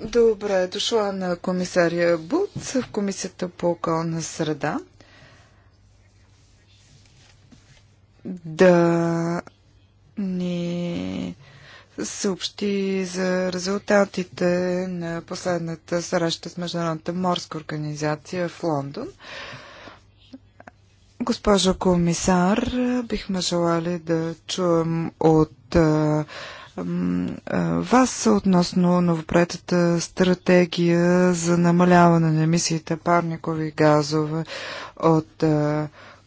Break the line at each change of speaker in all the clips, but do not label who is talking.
Добре дошла на комисария Буц в Комисията по околна среда. Да ни съобщи за резултатите на последната среща с Международната морска организация в Лондон. Госпожо комисар, бихме желали да чуем от вас относно новопретата стратегия за намаляване на емисиите парникови газове от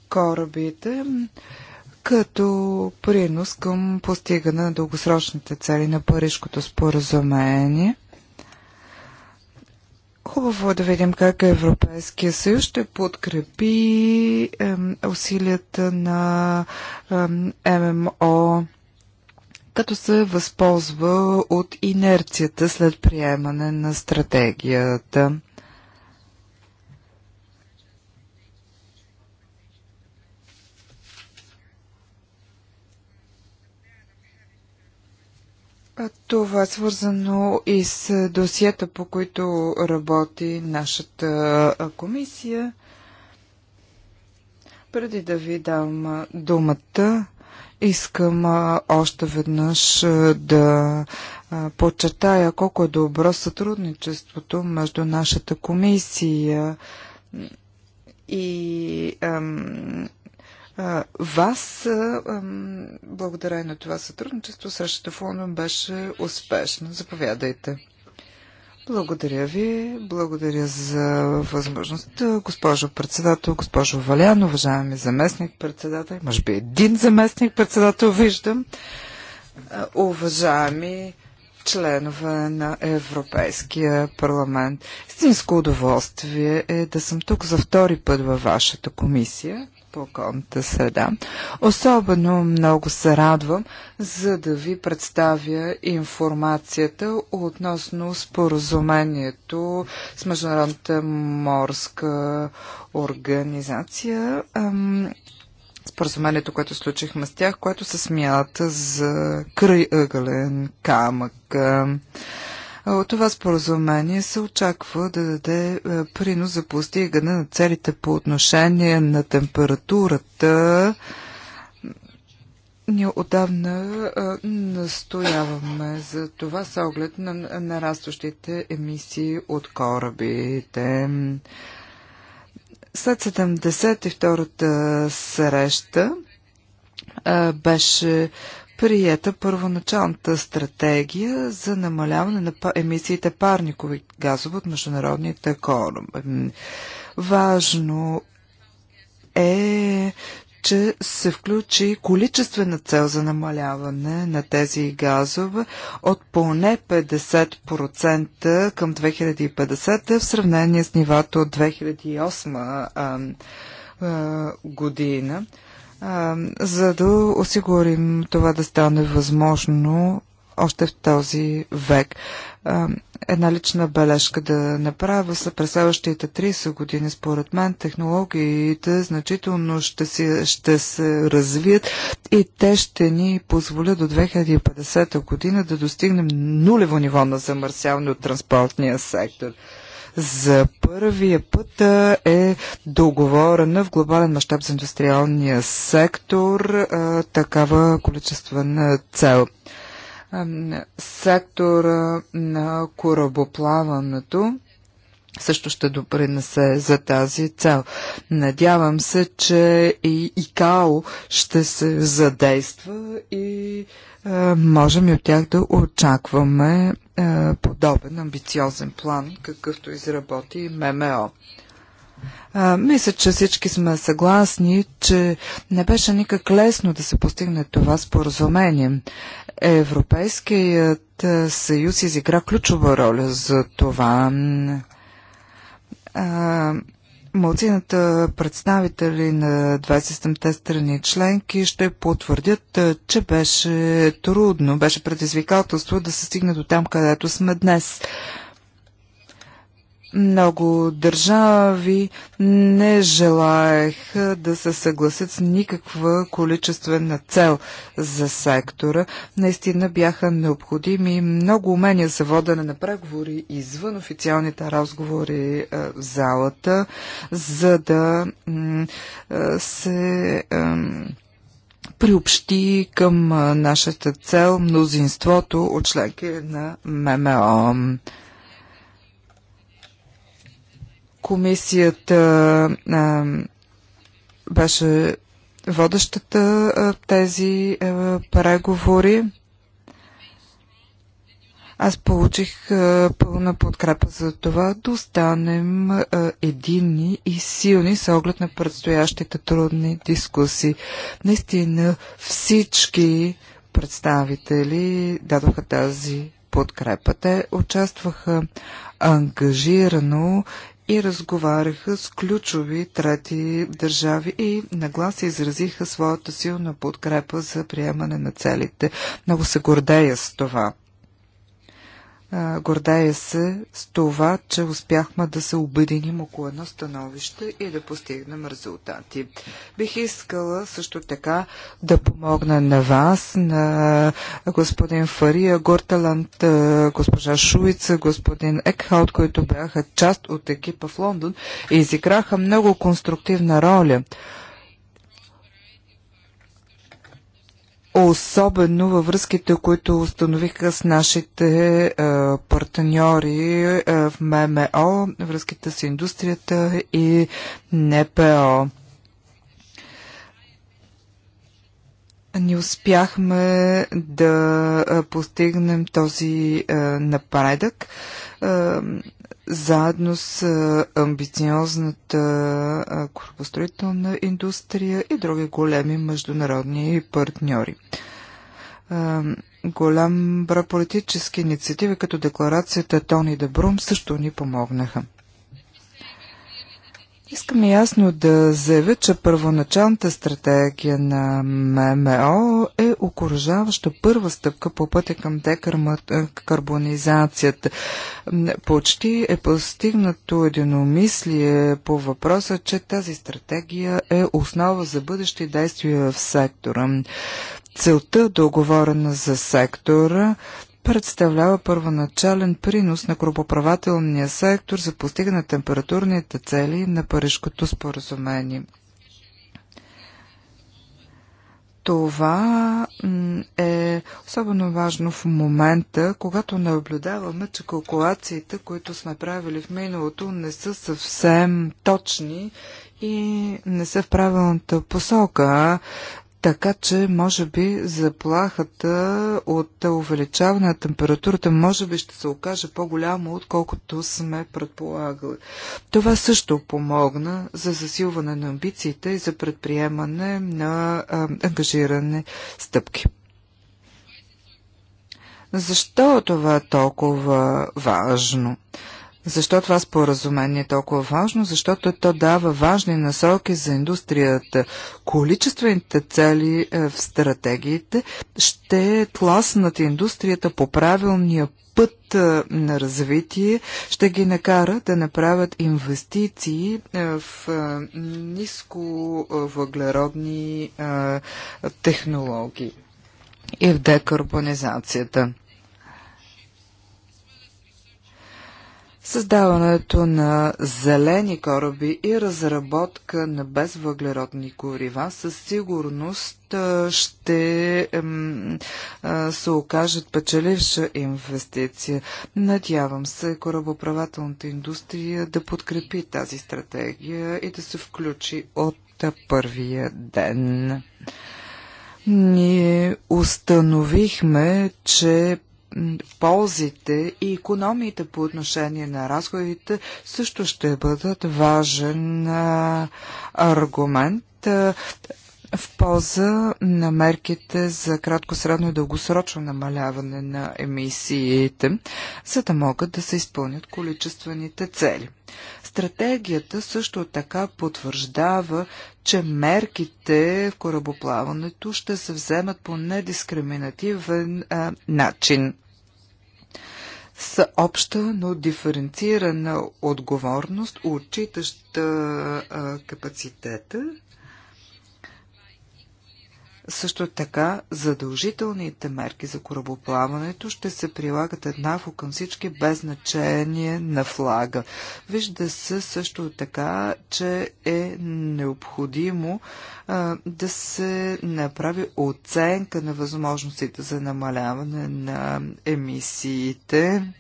корабите като принос към постигане на дългосрочните цели на Парижкото споразумение. Хубаво е да видим как Европейския съюз ще подкрепи е, усилията на е, ММО, като се възползва от инерцията след приемане на стратегията. Това е свързано и с досията, по които работи нашата комисия. Преди да ви дам думата, искам още веднъж да подчертая колко е добро сътрудничеството между нашата комисия и вас. благодарение на това сътрудничество. Срещата в Лондон беше успешна. Заповядайте. Благодаря ви. Благодаря за възможността, госпожо председател, госпожо Валян, уважаеми заместник председател, може би един заместник председател виждам, уважаеми членове на Европейския парламент. Истинско удоволствие е да съм тук за втори път във вашата комисия по околната среда. Особено много се радвам, за да ви представя информацията относно споразумението с Международната морска организация. Споразумението, което случихме с тях, което се смята за крайъгълен камък това споразумение се очаква да даде принос за постигане на целите по отношение на температурата. Ние отдавна настояваме за това с оглед на нарастващите емисии от корабите. След 72-та среща беше прията първоначалната стратегия за намаляване на емисиите парникови газове от международните кораби. Важно е, че се включи количествена цел за намаляване на тези газове от поне 50% към 2050 в сравнение с нивата от 2008 а, а, година за да осигурим това да стане възможно още в този век. Една лична бележка да направя са през следващите 30 години, според мен, технологиите значително ще, си, ще се развият и те ще ни позволят до 2050 година да достигнем нулево ниво на замърсяване от транспортния сектор. За първия път е договорена в глобален мащаб за индустриалния сектор такава количествена цел. Сектора на корабоплаването също ще допринесе за тази цел. Надявам се, че и ИКАО ще се задейства и е, можем и от тях да очакваме е, подобен амбициозен план, какъвто изработи ММО. Е, мисля, че всички сме съгласни, че не беше никак лесно да се постигне това споразумение. Европейският съюз изигра ключова роля за това. А, Малцината представители на 27-те страни членки ще потвърдят, е, че беше трудно, беше предизвикателство да се стигне до там, където сме днес. Много държави не желаеха да се съгласят с никаква количествена цел за сектора. Наистина бяха необходими много умения за водене на преговори извън официалните разговори е, в залата, за да е, се е, приобщи към нашата цел мнозинството от членки на ММО. Комисията а, беше водещата а, тези а, преговори. Аз получих а, пълна подкрепа за това да останем а, единни и силни с оглед на предстоящите трудни дискусии. Наистина всички представители дадоха тази подкрепа. Те участваха ангажирано и разговаряха с ключови трети държави и нагласи изразиха своята силна подкрепа за приемане на целите. Много се гордея с това. Гордея се с това, че успяхме да се обединим около едно становище и да постигнем резултати. Бих искала също така да помогна на вас, на господин Фария Горталанд, госпожа Шуица, господин Екхаут, които бяха част от екипа в Лондон и изиграха много конструктивна роля. особено във връзките, които установиха с нашите е, партньори е, в ММО, връзките с индустрията и НПО. Ни успяхме да е, постигнем този е, напредък. Е, заедно с амбициозната корпостроителна индустрия и други големи международни партньори. Голям брой политически инициативи, като декларацията Тони Дебрум, също ни помогнаха. Искам ясно да заявя, че първоначалната стратегия на ММО е окоръжаваща първа стъпка по пътя към декарбонизацията. Е, почти е постигнато единомислие по въпроса, че тази стратегия е основа за бъдещи действия в сектора. Целта, договорена за сектора, представлява първоначален принос на групоправателния сектор за постигане на температурните цели на Парижкото споразумение. Това е особено важно в момента, когато наблюдаваме, че калкулациите, които сме правили в миналото, не са съвсем точни и не са в правилната посока. Така че, може би, заплахата от увеличаване на температурата може би ще се окаже по-голямо, отколкото сме предполагали. Това също помогна за засилване на амбициите и за предприемане на а, ангажиране стъпки. Защо това е толкова важно? Защо това споразумение е толкова важно? Защото то дава важни насоки за индустрията. Количествените цели е, в стратегиите ще тласнат индустрията по правилния път е, на развитие, ще ги накара да направят инвестиции е, в ниско въглеродни технологии и в декарбонизацията. Създаването на зелени кораби и разработка на безвъглеродни горива със сигурност ще се окажат печеливша инвестиция. Надявам се корабоправателната индустрия да подкрепи тази стратегия и да се включи от първия ден. Ние установихме, че ползите и економиите по отношение на разходите също ще бъдат важен аргумент в полза на мерките за кратко, средно и дългосрочно намаляване на емисиите, за да могат да се изпълнят количествените цели. Стратегията също така потвърждава, че мерките в корабоплаването ще се вземат по недискриминативен а, начин. Съобща, обща, но диференцирана отговорност, отчитаща капацитета също така, задължителните мерки за корабоплаването ще се прилагат еднакво към всички без значение на флага. Вижда се също така, че е необходимо а, да се направи оценка на възможностите за намаляване на емисиите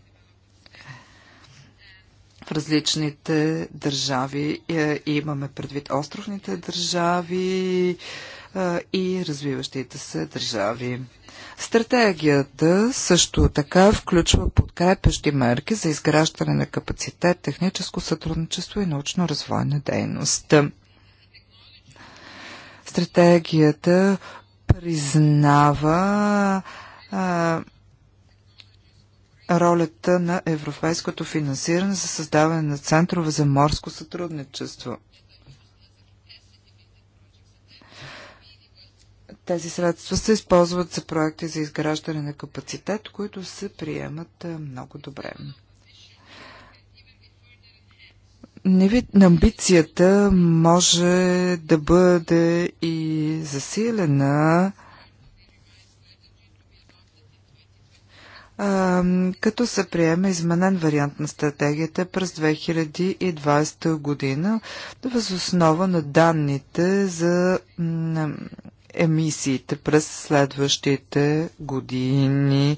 различните държави. Е, имаме предвид островните държави, и развиващите се държави. Стратегията също така включва подкрепящи мерки за изграждане на капацитет, техническо сътрудничество и научно-развойна дейност. Стратегията признава а, ролята на европейското финансиране за създаване на центрове за морско сътрудничество – Тези средства се използват за проекти за изграждане на капацитет, които се приемат много добре. Невид амбицията може да бъде и засилена като се приеме изменен вариант на стратегията през 2020 година, въз основа на данните за емисиите през следващите години.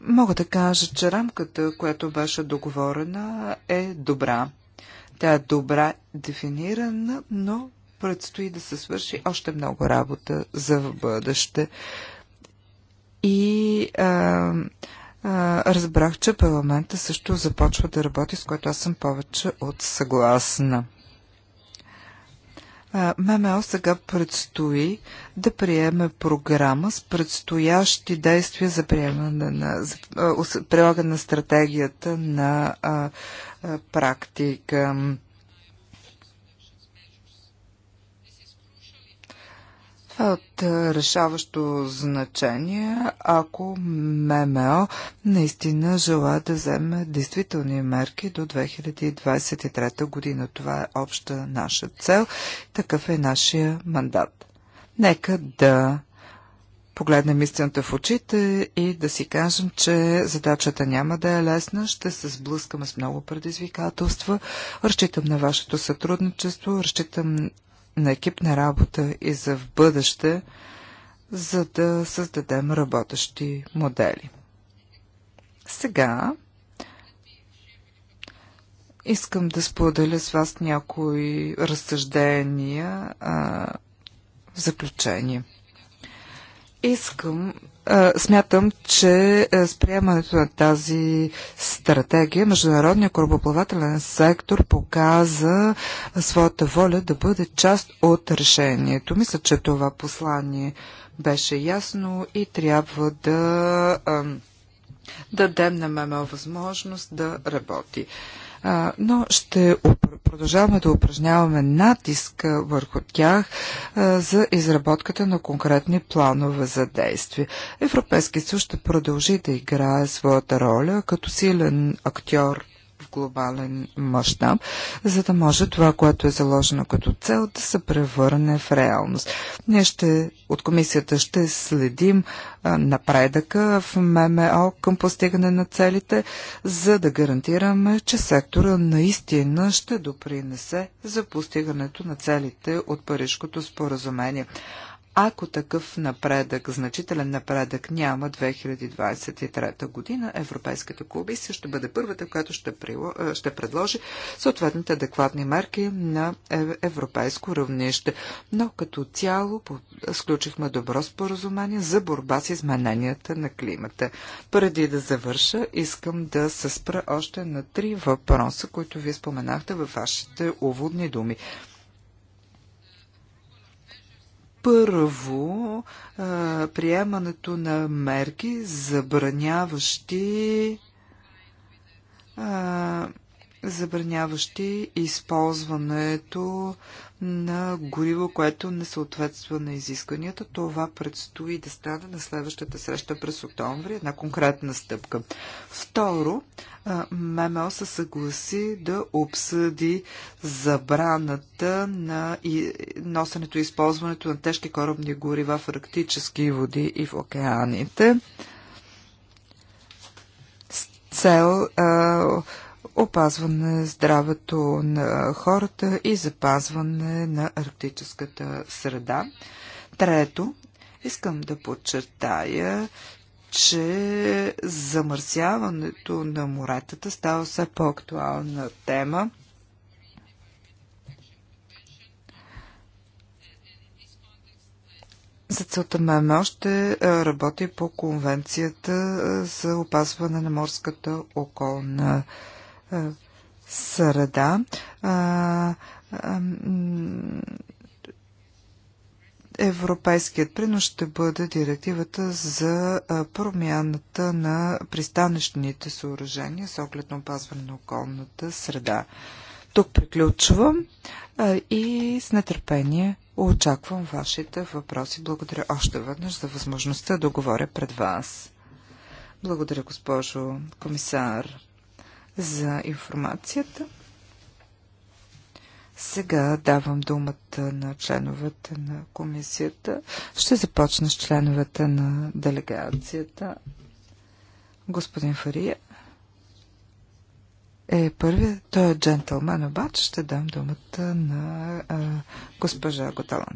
Мога да кажа, че рамката, която беше договорена, е добра. Тя е добра дефинирана, но предстои да се свърши още много работа за в бъдеще. И а, а, разбрах, че парламента също започва да работи, с което аз съм повече от съгласна. ММО сега предстои да приеме програма с предстоящи действия за, приемане на, за прилагане на стратегията на а, а, практика. от е, решаващо значение, ако ММО наистина жела да вземе действителни мерки до 2023 година. Това е обща наша цел, такъв е нашия мандат. Нека да погледнем истината в очите и да си кажем, че задачата няма да е лесна, ще се сблъскаме с много предизвикателства. Разчитам на вашето сътрудничество, разчитам на екипна работа и за в бъдеще, за да създадем работещи модели. Сега искам да споделя с вас някои разсъждения а, в заключение. Искам, смятам, че с приемането на тази стратегия Международният корабоплавателен сектор показа своята воля да бъде част от решението. Мисля, че това послание беше ясно и трябва да дадем на ММО възможност да работи но ще продължаваме да упражняваме натиск върху тях за изработката на конкретни планове за действие. Европейски съюз ще продължи да играе своята роля като силен актьор глобален мащаб, за да може това, което е заложено като цел, да се превърне в реалност. Ние ще, от комисията ще следим напредъка в ММО към постигане на целите, за да гарантираме, че сектора наистина ще допринесе за постигането на целите от Парижкото споразумение. Ако такъв напредък, значителен напредък няма 2023 година, Европейската комисия ще бъде първата, която ще, прило... ще предложи съответните адекватни мерки на е, европейско равнище. Но като цяло сключихме добро споразумение за борба с измененията на климата. Преди да завърша, искам да се спра още на три въпроса, които вие споменахте във вашите уводни думи. Първо, приемането на мерки, забраняващи забраняващи използването на гориво, което не съответства на изискванията. Това предстои да стане на следващата среща през октомври, една конкретна стъпка. Второ, ММО се съгласи да обсъди забраната на носенето и използването на тежки корабни горива в арктически води и в океаните. С цел а, опазване здравето на хората и запазване на арктическата среда. Трето, искам да подчертая, че замърсяването на моретата става все по-актуална тема. За целта ММО ще работи по конвенцията за опазване на морската околна среда среда Европейският принос ще бъде директивата за промяната на пристанищните съоръжения с оглед на опазване на околната среда. Тук приключвам и с нетърпение очаквам вашите въпроси. Благодаря още веднъж за възможността да говоря пред вас. Благодаря, госпожо комисар за информацията. Сега давам думата на членовете на комисията. Ще започна с членовете на делегацията. Господин Фария е първият. Той е джентълмен, обаче ще дам думата на а, госпожа Готалан.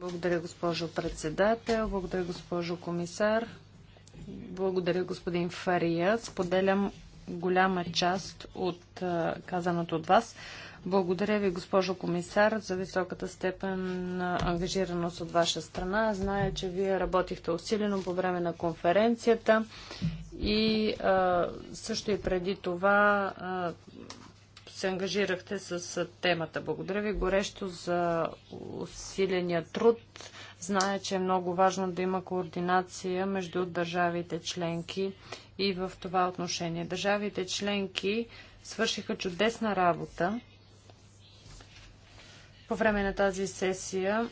Благодаря, госпожо председател. Благодаря, госпожо комисар. Благодаря, господин Фария. Споделям голяма част от казаното от вас. Благодаря ви, госпожо комисар, за високата степен на ангажираност от ваша страна. Зная, че вие работихте усилено по време на конференцията и а, също и преди това а, се ангажирахте с темата. Благодаря ви горещо за усиления труд. Зная, че е много важно да има координация между държавите членки и в това отношение. Държавите членки свършиха чудесна работа по време на тази сесия.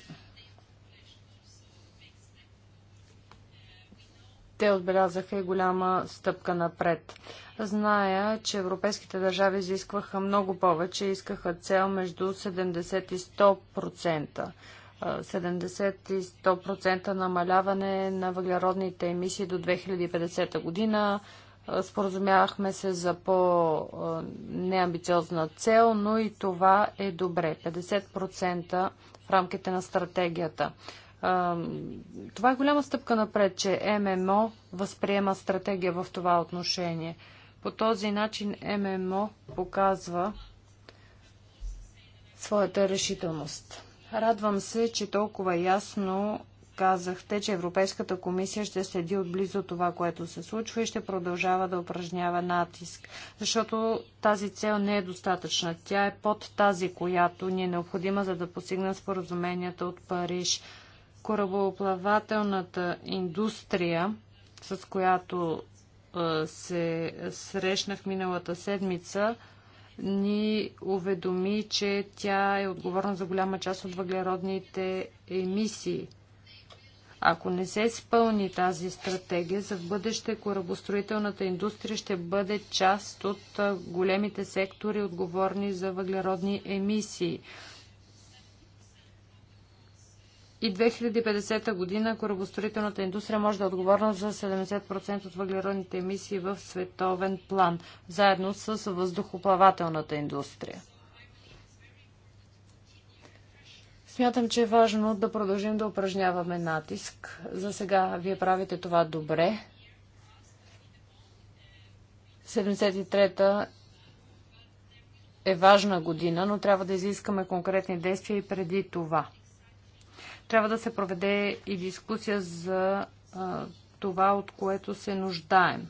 те отбелязаха и голяма стъпка напред. Зная, че европейските държави изискваха много повече, искаха цел между 70 и 100%. 70 и 100% намаляване на въглеродните емисии до 2050 година. Споразумявахме се за по-неамбициозна цел, но и това е добре. 50% в рамките на стратегията. Това е голяма стъпка напред, че ММО възприема стратегия в това отношение. По този начин ММО показва своята решителност. Радвам се, че толкова ясно казахте, че Европейската комисия ще следи отблизо това, което се случва и ще продължава да упражнява натиск. Защото тази цел не е достатъчна. Тя е под тази, която ни е необходима, за да постигна споразуменията от Париж корабоплавателната индустрия, с която се срещнах миналата седмица, ни уведоми, че тя е отговорна за голяма част от въглеродните емисии. Ако не се изпълни тази стратегия, за в бъдеще корабостроителната индустрия ще бъде част от големите сектори, отговорни за въглеродни емисии и 2050 година корабостроителната индустрия може да е отговорна за 70% от въглеродните емисии в световен план, заедно с въздухоплавателната индустрия. Смятам, че е важно да продължим да упражняваме натиск. За сега вие правите това добре. 73-та е важна година, но трябва да изискаме конкретни действия и преди това трябва да се проведе и дискусия за а, това, от което се нуждаем.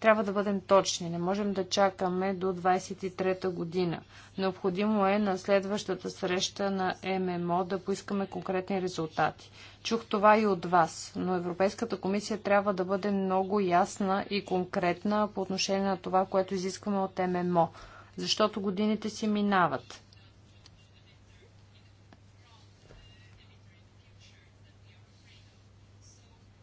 Трябва да бъдем точни. Не можем да чакаме до 23-та година. Необходимо е на следващата среща на ММО да поискаме конкретни резултати. Чух това и от вас, но Европейската комисия трябва да бъде много ясна и конкретна по отношение на това, което изискваме от ММО, защото годините си минават.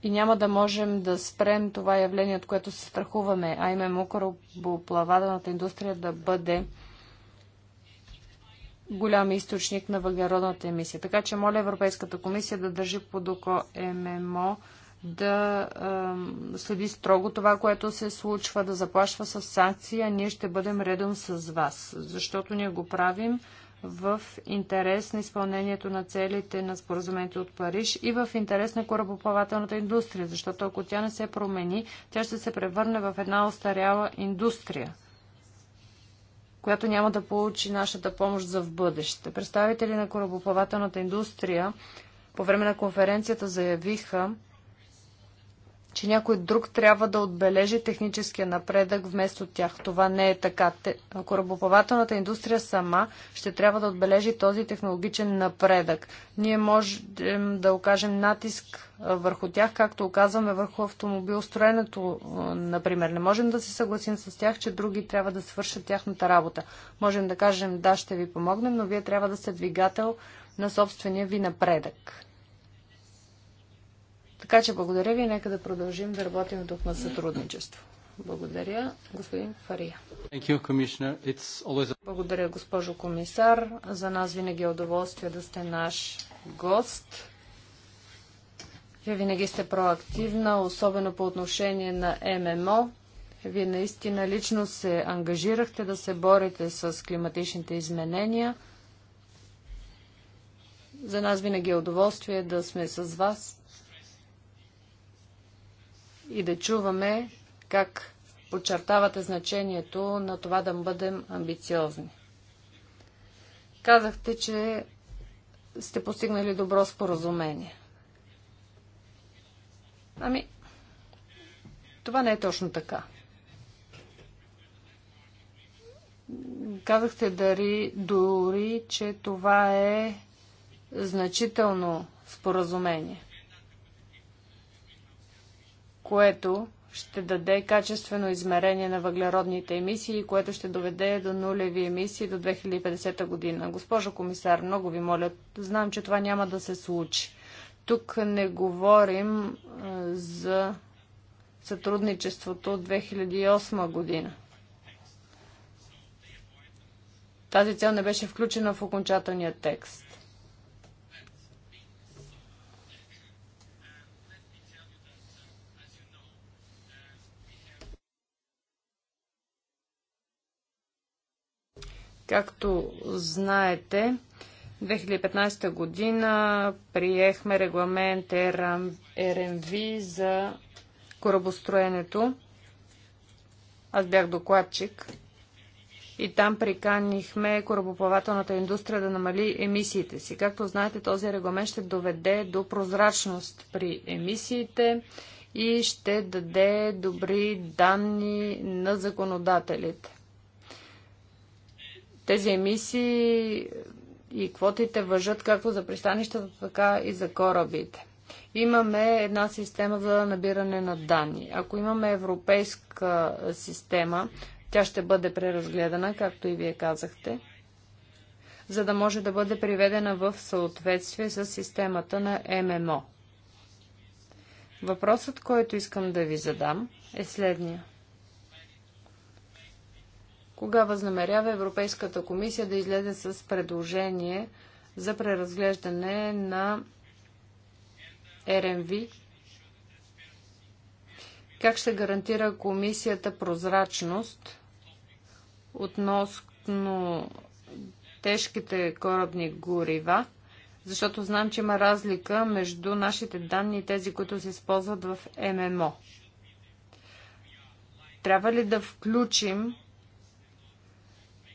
и няма да можем да спрем това явление, от което се страхуваме, а име корабоплавателната индустрия да бъде голям източник на въглеродната емисия. Така че моля Европейската комисия да държи под око ММО, да е, следи строго това, което се случва, да заплашва с санкции, а ние ще бъдем редом с вас, защото ние го правим в интерес на изпълнението на целите на споразумението от Париж и в интерес на корабоплавателната индустрия, защото ако тя не се промени, тя ще се превърне в една остаряла индустрия която няма да получи нашата помощ за в бъдеще. Представители на корабоплавателната индустрия по време на конференцията заявиха, че някой друг трябва да отбележи техническия напредък вместо тях. Това не е така. Корабоплавателната индустрия сама ще трябва да отбележи този технологичен напредък. Ние можем да окажем натиск върху тях, както оказваме върху автомобилстроенето, например. Не можем да се съгласим с тях, че други трябва да свършат тяхната работа. Можем да кажем, да, ще ви помогнем, но вие трябва да сте двигател на собствения ви напредък. Така че благодаря ви нека да продължим да работим в дух на сътрудничество. Благодаря, господин Фария. Always... Благодаря, госпожо комисар. За нас винаги е удоволствие да сте наш гост. Вие винаги сте проактивна, особено по отношение на ММО. Вие наистина лично се ангажирахте да се борите с климатичните изменения. За нас винаги е удоволствие да сме с вас и да чуваме как подчертавате значението на това да бъдем амбициозни. Казахте, че сте постигнали добро споразумение. Ами, това не е точно така. Казахте дари, дори, че това е значително споразумение което ще даде качествено измерение на въглеродните емисии, което ще доведе до нулеви емисии до 2050 година. Госпожо комисар, много ви моля, знам, че това няма да се случи. Тук не говорим за сътрудничеството от 2008 година. Тази цел не беше включена в окончателния текст. Както знаете, 2015 година приехме регламент РМВ за корабостроенето. Аз бях докладчик и там приканихме корабоплавателната индустрия да намали емисиите си. Както знаете, този регламент ще доведе до прозрачност при емисиите и ще даде добри данни на законодателите. Тези емисии и квотите въжат както за пристанищата, така и за корабите. Имаме една система за набиране на данни. Ако имаме европейска система, тя ще бъде преразгледана, както и вие казахте, за да може да бъде приведена в съответствие с системата на ММО. Въпросът, който искам да ви задам, е следния. Кога възнамерява Европейската комисия да излезе с предложение за преразглеждане на РМВ? Как ще гарантира комисията прозрачност относно тежките корабни горива? Защото знам, че има разлика между нашите данни и тези, които се използват в ММО. Трябва ли да включим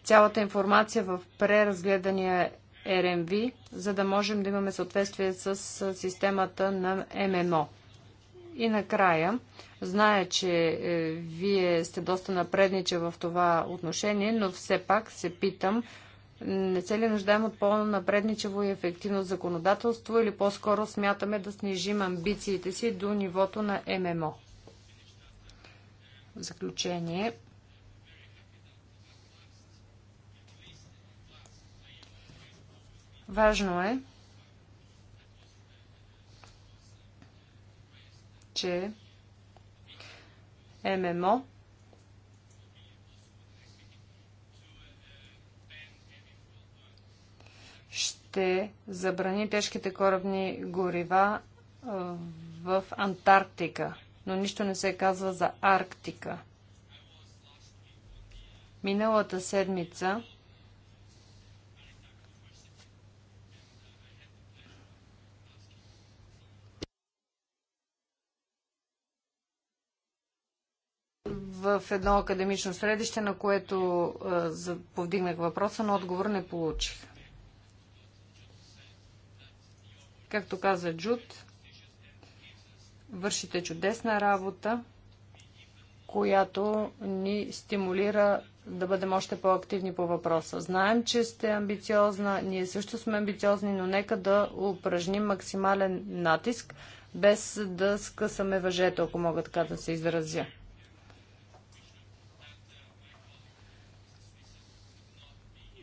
цялата информация в преразгледания РМВ, за да можем да имаме съответствие с системата на ММО. И накрая, зная, че е, вие сте доста напредниче в това отношение, но все пак се питам, не се ли нуждаем от по-напредничево и ефективно законодателство или по-скоро смятаме да снижим амбициите си до нивото на ММО? В заключение, Важно е, че ММО ще забрани тежките корабни горива в Антарктика, но нищо не се казва за Арктика. Миналата седмица в едно академично средище, на което повдигнах въпроса, но отговор не получих. Както каза Джуд, вършите чудесна работа, която ни стимулира да бъдем още по-активни по въпроса. Знаем, че сте амбициозна, ние също сме амбициозни, но нека да упражним максимален натиск, без да скъсаме въжето, ако мога така да се изразя.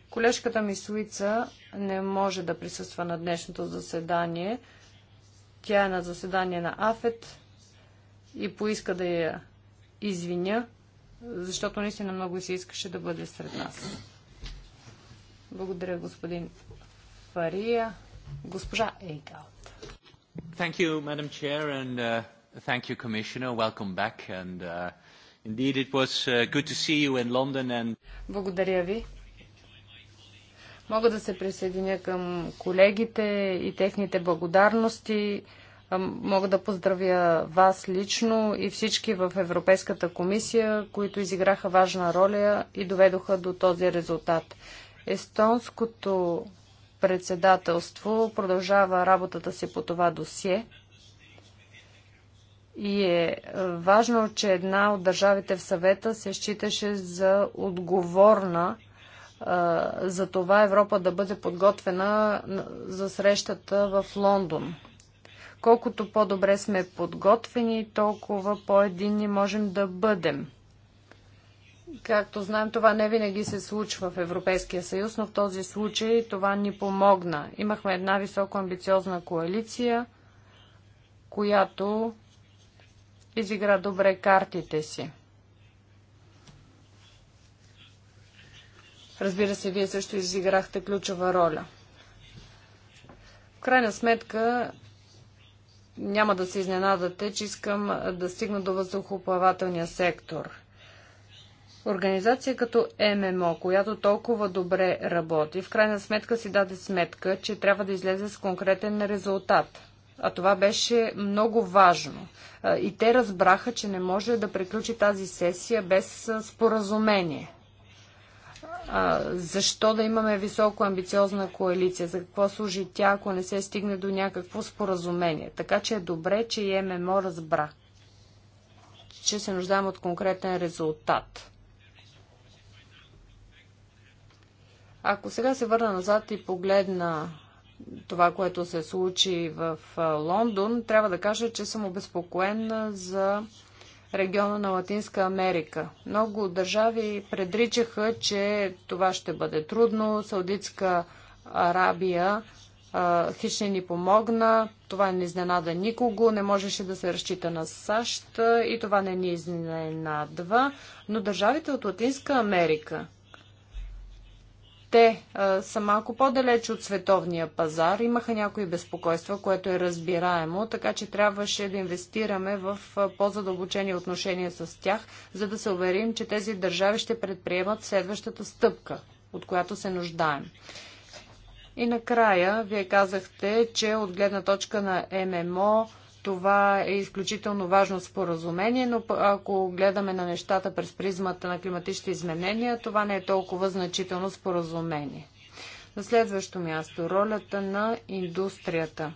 Колежката ми Суица не може да присъства на днешното заседание. Тя е на заседание на АФЕТ и поиска да я извиня, защото наистина много се искаше да бъде сред нас. Благодаря, господин Фария. Госпожа Ейгалт. Thank you, Madam Chair, and uh, thank you, Commissioner. Welcome back. And uh, indeed, it was uh, good to see you in London. And... Благодаря ви. Мога да се присъединя към колегите и техните благодарности. Мога да поздравя вас лично и всички в Европейската комисия, които изиграха важна роля и доведоха до този резултат. Естонското председателство продължава работата си по това досие. И е важно, че една от държавите в съвета се считаше за отговорна за това Европа да бъде подготвена за срещата в Лондон. Колкото по-добре сме подготвени, толкова по-единни можем да бъдем. Както знаем, това не винаги се случва в Европейския съюз, но в този случай това ни помогна. Имахме една високо амбициозна коалиция, която изигра добре картите си. Разбира се, вие също изиграхте ключова роля. В крайна сметка, няма да се изненадате, че искам да стигна до въздухоплавателния сектор. Организация като ММО, която толкова добре работи, в крайна сметка си даде сметка, че трябва да излезе с конкретен резултат. А това беше много важно. И те разбраха, че не може да приключи тази сесия без споразумение а, защо да имаме високо амбициозна коалиция, за какво служи тя, ако не се стигне до някакво споразумение. Така че е добре, че и ММО разбра, че се нуждаем от конкретен резултат. Ако сега се върна назад и погледна това, което се случи в Лондон, трябва да кажа, че съм обезпокоен за региона на Латинска Америка. Много държави предричаха, че това ще бъде трудно. Саудитска Арабия хищни ни помогна, това не изненада никого, не можеше да се разчита на САЩ и това не ни изненадва. Но държавите от Латинска Америка, те а, са малко по-далеч от световния пазар. Имаха някои безпокойства, което е разбираемо, така че трябваше да инвестираме в по-задълбочени отношения с тях, за да се уверим, че тези държави ще предприемат следващата стъпка, от която се нуждаем. И накрая, вие казахте, че от гледна точка на ММО това е изключително важно споразумение, но ако гледаме на нещата през призмата на климатичните изменения, това не е толкова значително споразумение. На следващо място, ролята на индустрията.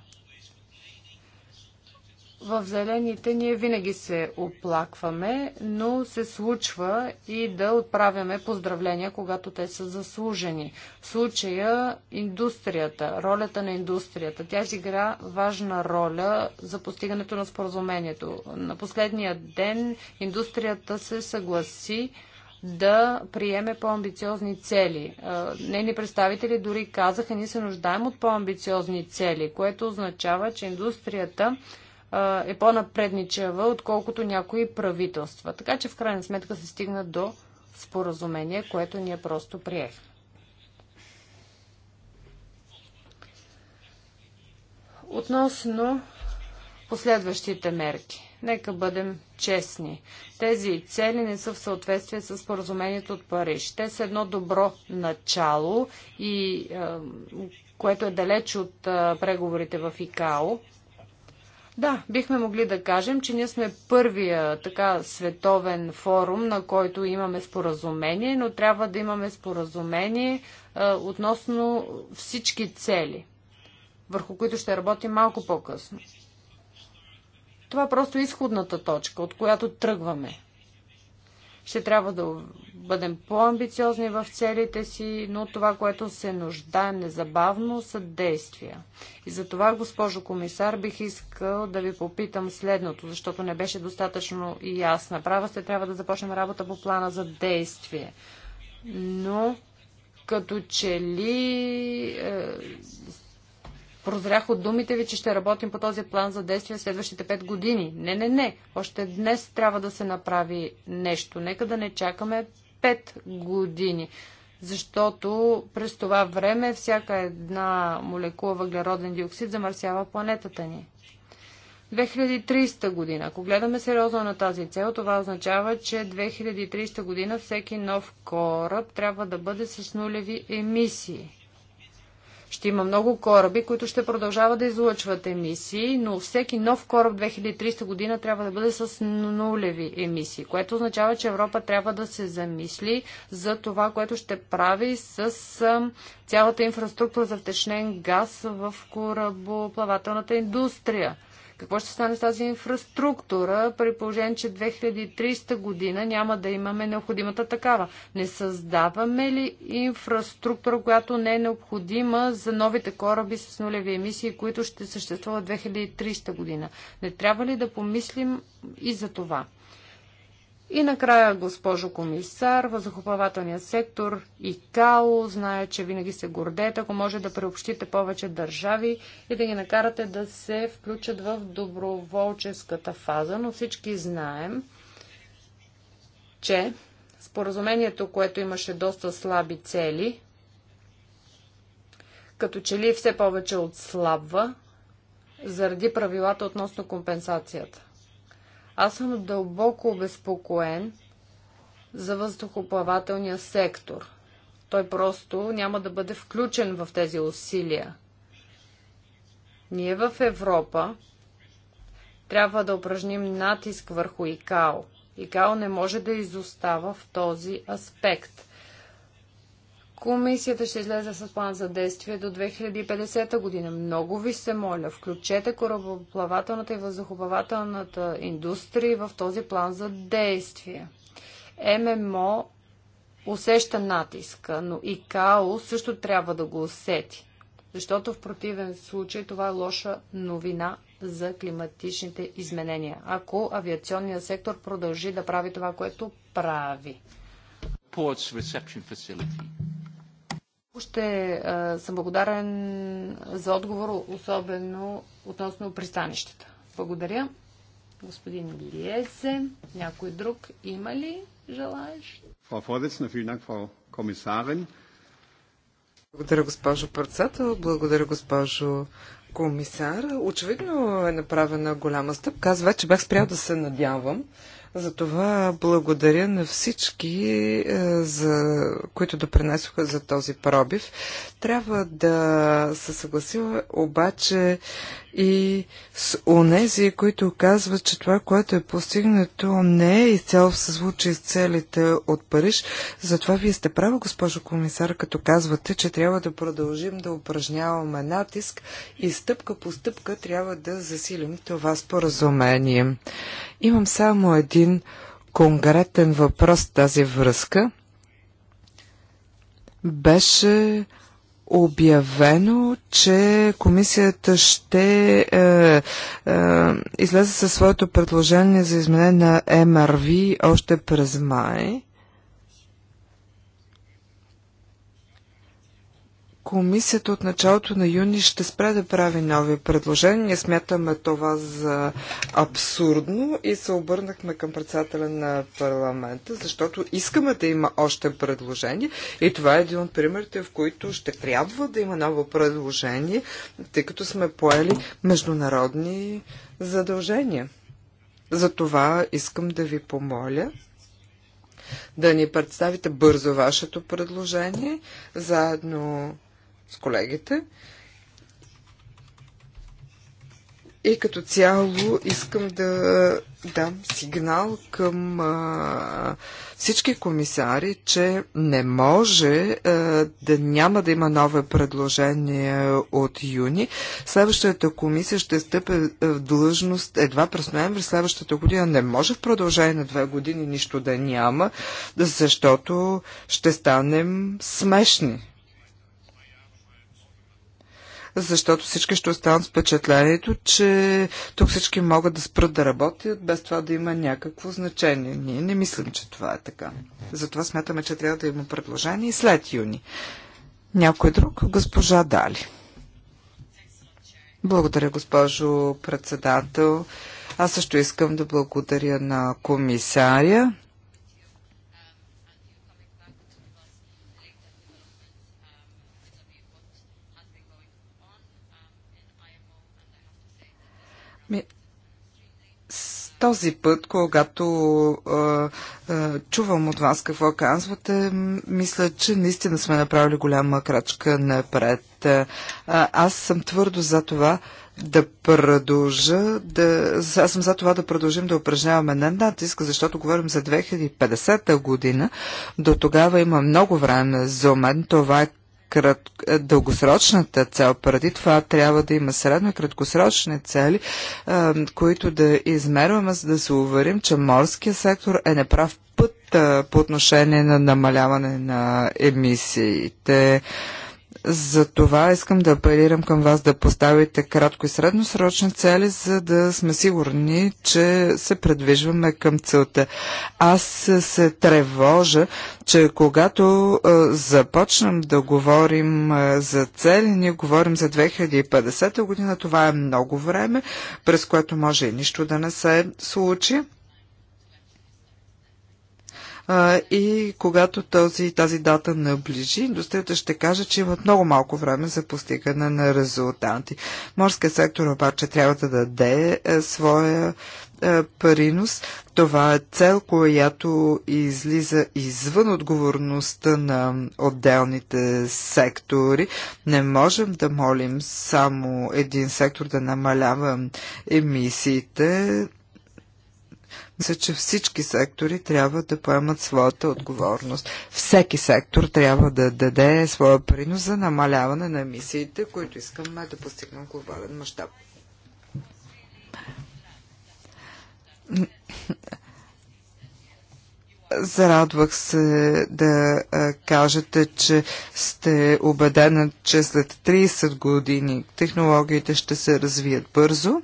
В зелените ние винаги се оплакваме, но се случва и да отправяме поздравления, когато те са заслужени. В случая индустрията, ролята на индустрията, тя изигра важна роля за постигането на споразумението. На последния ден индустрията се съгласи да приеме по-амбициозни цели. Нейни представители дори казаха, ние се нуждаем от по-амбициозни цели, което означава, че индустрията е по-напредничава, отколкото някои правителства. Така че в крайна сметка се стигна до споразумение, което ние просто приехме. Относно последващите мерки. Нека бъдем честни. Тези цели не са в съответствие с споразумението от Париж. Те са едно добро начало, и, което е далеч от преговорите в ИКАО. Да, бихме могли да кажем, че ние сме първия така световен форум, на който имаме споразумение, но трябва да имаме споразумение а, е, относно всички цели, върху които ще работим малко по-късно. Това е просто изходната точка, от която тръгваме. Ще трябва да бъдем по-амбициозни в целите си, но това, което се нуждае незабавно, са действия. И за това, госпожо комисар, бих искал да ви попитам следното, защото не беше достатъчно ясна. Права сте, трябва да започнем работа по плана за действие. Но като че ли е, Прозрях от думите ви, че ще работим по този план за действие следващите 5 години. Не, не, не. Още днес трябва да се направи нещо. Нека да не чакаме 5 години. Защото през това време всяка една молекула въглероден диоксид замърсява планетата ни. 2030 година. Ако гледаме сериозно на тази цел, това означава, че 2030 година всеки нов кораб трябва да бъде с нулеви емисии. Ще има много кораби, които ще продължават да излъчват емисии, но всеки нов кораб 2300 година трябва да бъде с нулеви емисии, което означава, че Европа трябва да се замисли за това, което ще прави с цялата инфраструктура за втечнен газ в корабоплавателната индустрия. Какво ще стане с тази инфраструктура при положение, че 2300 година няма да имаме необходимата такава? Не създаваме ли инфраструктура, която не е необходима за новите кораби с нулеви емисии, които ще съществуват 2300 година? Не трябва ли да помислим и за това? И накрая, госпожо комисар, въздухоплавателният сектор и КАО знае, че винаги се гордеят, ако може да приобщите повече държави и да ги накарате да се включат в доброволческата фаза, но всички знаем, че споразумението, което имаше доста слаби цели, като че ли все повече отслабва заради правилата относно компенсацията. Аз съм дълбоко обезпокоен за въздухоплавателния сектор. Той просто няма да бъде включен в тези усилия. Ние в Европа трябва да упражним натиск върху ИКАО. ИКАО не може да изостава в този аспект. Комисията ще излезе с план за действие до 2050 година. Много ви се моля, включете корабоплавателната и въздухоплавателната индустрия в този план за действие. ММО усеща натиска, но и КАО също трябва да го усети. Защото в противен случай това е лоша новина за климатичните изменения, ако авиационният сектор продължи да прави това, което прави. Ports reception facility. Ще а, съм благодарен за отговор, особено относно пристанищата. Благодаря. Господин Лиесе, някой друг има ли желаещ?
Благодаря, госпожо председател. Благодаря, госпожо комисар. Очевидно е направена голяма стъпка. Аз вече бях спрял да се надявам, затова благодаря на всички, е, за, които допринесоха за този пробив. Трябва да се съгласила обаче и с онези, които казват, че това, което е постигнато, не е изцяло в съзвучие с целите от Париж. Затова вие сте права, госпожо комисар, като казвате, че трябва да продължим да упражняваме натиск и стъпка по стъпка трябва да засилим това споразумение. Имам само един един конкретен въпрос тази връзка. Беше обявено, че комисията ще е, е, излезе със своето предложение за изменение на МРВ още през май. Комисията от началото на юни ще спре да прави нови предложения. Ние смятаме това за абсурдно и се обърнахме към председателя на парламента, защото искаме да има още предложения и това е един от примерите, в които ще трябва да има ново предложение, тъй като сме поели международни задължения. За това искам да ви помоля да ни представите бързо вашето предложение, заедно с колегите. И като цяло искам да дам сигнал към а, всички комисари, че не може а, да няма да има нове предложения от юни. Следващата комисия ще стъпи в длъжност едва през ноември следващата година. Не може в продължение на две години нищо да няма, защото ще станем смешни защото всички ще останат с впечатлението, че тук всички могат да спрат да работят, без това да има някакво значение. Ние не мислим, че това е така. Затова смятаме, че трябва да има предложение и след юни. Някой друг? Госпожа Дали. Благодаря, госпожо председател. Аз също искам да благодаря на комисаря този път, когато а, а, чувам от вас какво казвате, мисля, че наистина сме направили голяма крачка напред. А, аз съм твърдо за това да продължа, да, аз съм за това да продължим да упражняваме на натиск, защото говорим за 2050 година. До тогава има много време. За мен това е крат... Е, дългосрочната цел. Преди това трябва да има средно и краткосрочни цели, а, е, които да измерваме, за да се уверим, че морския сектор е неправ път а, е, по отношение на намаляване на емисиите. А, за това искам да апелирам към вас да поставите кратко и средносрочни цели, за да сме сигурни, че се предвижваме към целта. Аз се тревожа, че когато е, започнем да говорим за цели, ние говорим за 2050 година, това е много време, през което може и нищо да не се случи и когато този, тази дата наближи, индустрията ще каже, че имат много малко време за постигане на резултати. Морския сектор обаче трябва да даде е, своя е, принос. Това е цел, която излиза извън отговорността на отделните сектори. Не можем да молим само един сектор да намалява емисиите мисля, че всички сектори трябва да поемат своята отговорност. Всеки сектор трябва да даде своя принос за намаляване на емисиите, които искаме да постигнем глобален мащаб. Зарадвах се да кажете, че сте убедена, че след 30 години технологиите ще се развият бързо,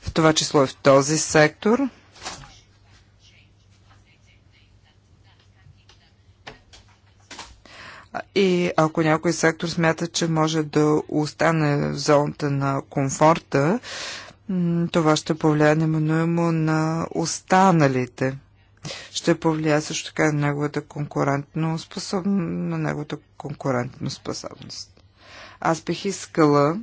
в това число и в този сектор – И ако някой сектор смята, че може да остане в зоната на комфорта, това ще повлияе неминуемо на останалите. Ще повлияе също така на неговата конкурентно способност, на неговата конкурентно способност. Аз бих искала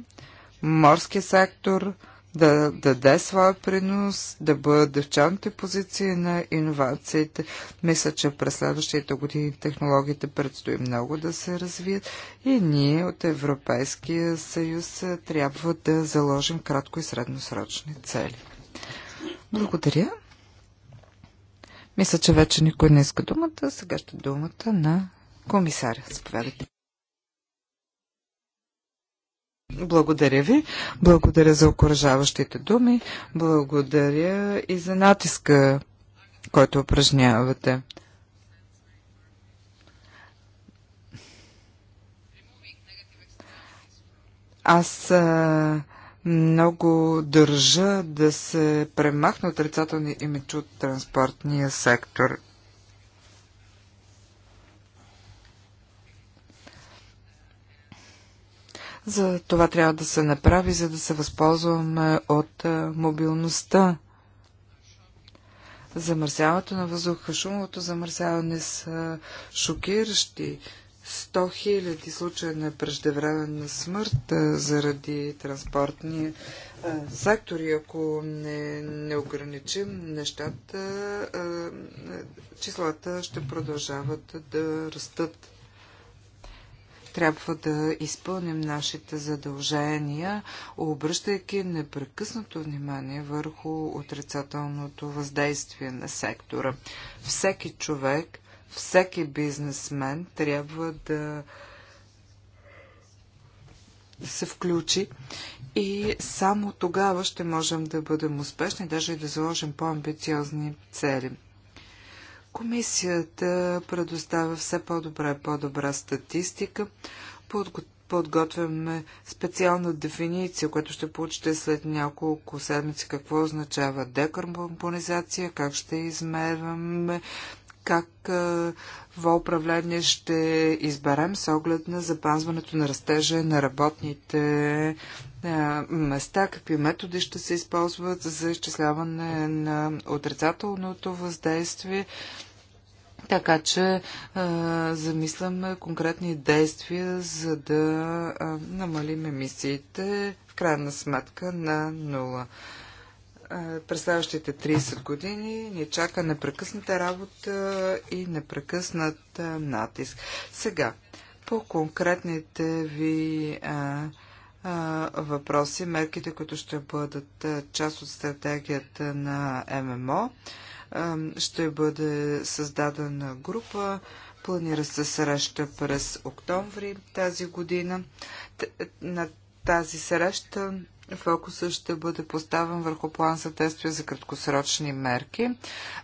морския сектор, да даде своя принос, да бъдат в позиции на иновациите. Мисля, че през следващите години технологиите предстои много да се развият и ние от Европейския съюз трябва да заложим кратко и средносрочни цели. Благодаря. Мисля, че вече никой не иска думата. Сега ще думата на комисаря. Заповядайте. Благодаря ви. Благодаря за окоръжаващите думи. Благодаря и за натиска, който упражнявате. Аз а, много държа да се премахне отрицателни имидж от транспортния сектор. За това трябва да се направи, за да се възползваме от мобилността. Замърсяването на въздуха, шумовото замърсяване са шокиращи. 100 хиляди случая на преждевременна смърт заради транспортни сектори. Ако не, не ограничим нещата, числата ще продължават да растат. Трябва да изпълним нашите задължения, обръщайки непрекъснато внимание върху отрицателното въздействие на сектора. Всеки човек, всеки бизнесмен трябва да се включи и само тогава ще можем да бъдем успешни, даже и да заложим по-амбициозни цели. Комисията предоставя все по-добра и по-добра статистика. Подготвяме специална дефиниция, която ще получите след няколко седмици. Какво означава декарбонизация, как ще измерваме, как в управление ще изберем с оглед на запазването на растежа на работните места, какви методи ще се използват за изчисляване на отрицателното въздействие така че а, замисляме конкретни действия, за да а, намалим емисиите в крайна сметка на нула. през следващите 30 години ни чака непрекъсната работа и непрекъснат а, натиск. Сега, по конкретните ви а, а, въпроси, мерките, които ще бъдат част от стратегията на ММО, а, ще бъде създадена група. Планира се среща през октомври тази година. Е, на тази среща фокуса ще бъде поставен върху план за действие за краткосрочни мерки.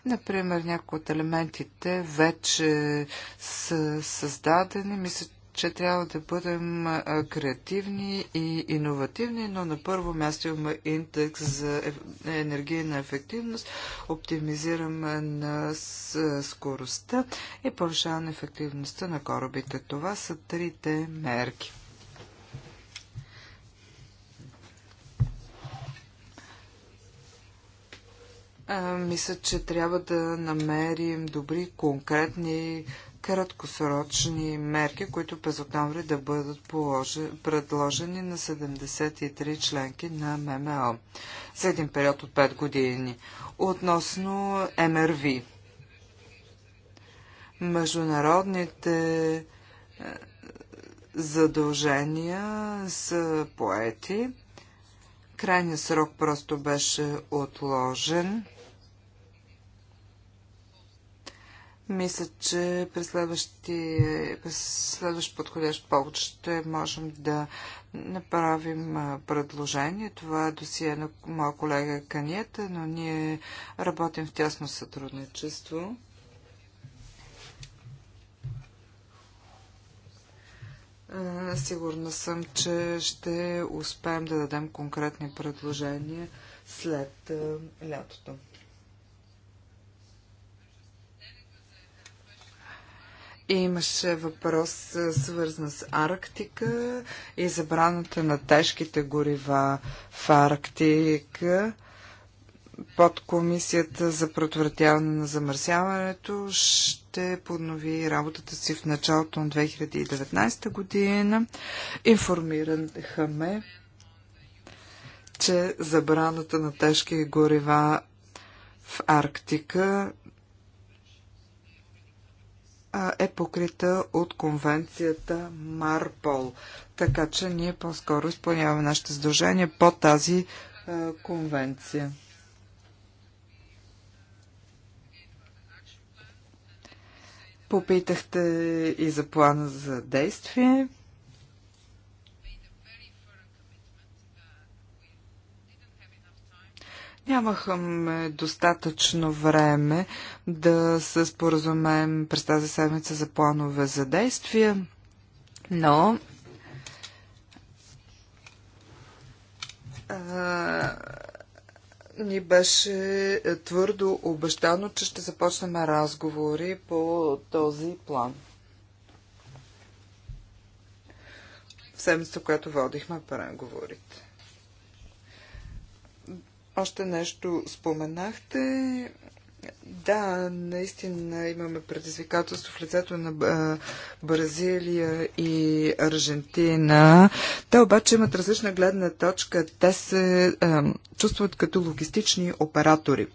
Например, някои от елементите вече са създадени. Мисля, че трябва да бъдем креативни и иновативни, но на първо място има индекс за енергийна ефективност, оптимизираме на скоростта и повишаване ефективността на корабите. Това са трите мерки. мисля, че трябва да намерим добри, конкретни краткосрочни мерки, които през октомври да бъдат положи, предложени на 73 членки на ММО за един период от 5 години. Относно МРВ, международните е, задължения са поети. Крайният срок просто беше отложен. Мисля, че през, следващ подходящ повод ще можем да направим предложение. Това е досие на моя колега Канията, но ние работим в тясно сътрудничество. Сигурна съм, че ще успеем да дадем конкретни предложения след лятото. Имаше въпрос е, свързан с Арктика и забраната на тежките горива в Арктика. Под комисията за протвъртяване на замърсяването ще поднови работата си в началото на 2019 година. Информираха ме, че забраната на тежки горива в Арктика е покрита от конвенцията Марпол. Така че ние по-скоро изпълняваме нашите задължения по тази а, конвенция. Попитахте и за плана за действие. Нямахме достатъчно време да се споразумеем през тази седмица за планове за действия, но а, ни беше твърдо обещано, че ще започнем разговори по този план. В седмица, която водихме преговорите. Още нещо споменахте. Да, наистина имаме предизвикателство в лицето на Бразилия и Аржентина. Те обаче имат различна гледна точка. Те се е, чувстват като логистични оператори.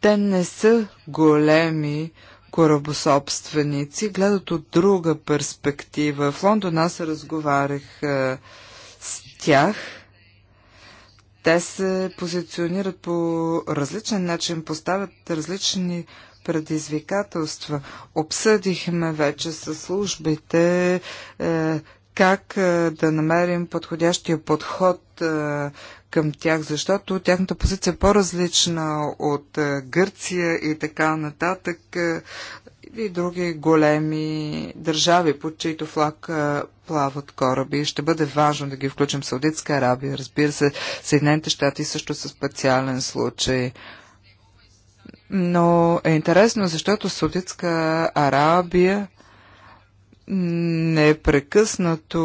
Те не са големи корабособственици, гледат от друга перспектива. В Лондон аз разговарях е, с тях. Те се позиционират по различен начин, поставят различни предизвикателства. Обсъдихме вече с службите е, как е, да намерим подходящия подход е, към тях, защото тяхната позиция е по-различна от е, Гърция и така нататък и други големи държави, под чието флаг плават кораби. Ще бъде важно да ги включим Саудитска Арабия, разбира се, Съединените щати също са специален случай. Но е интересно, защото Саудитска Арабия непрекъснато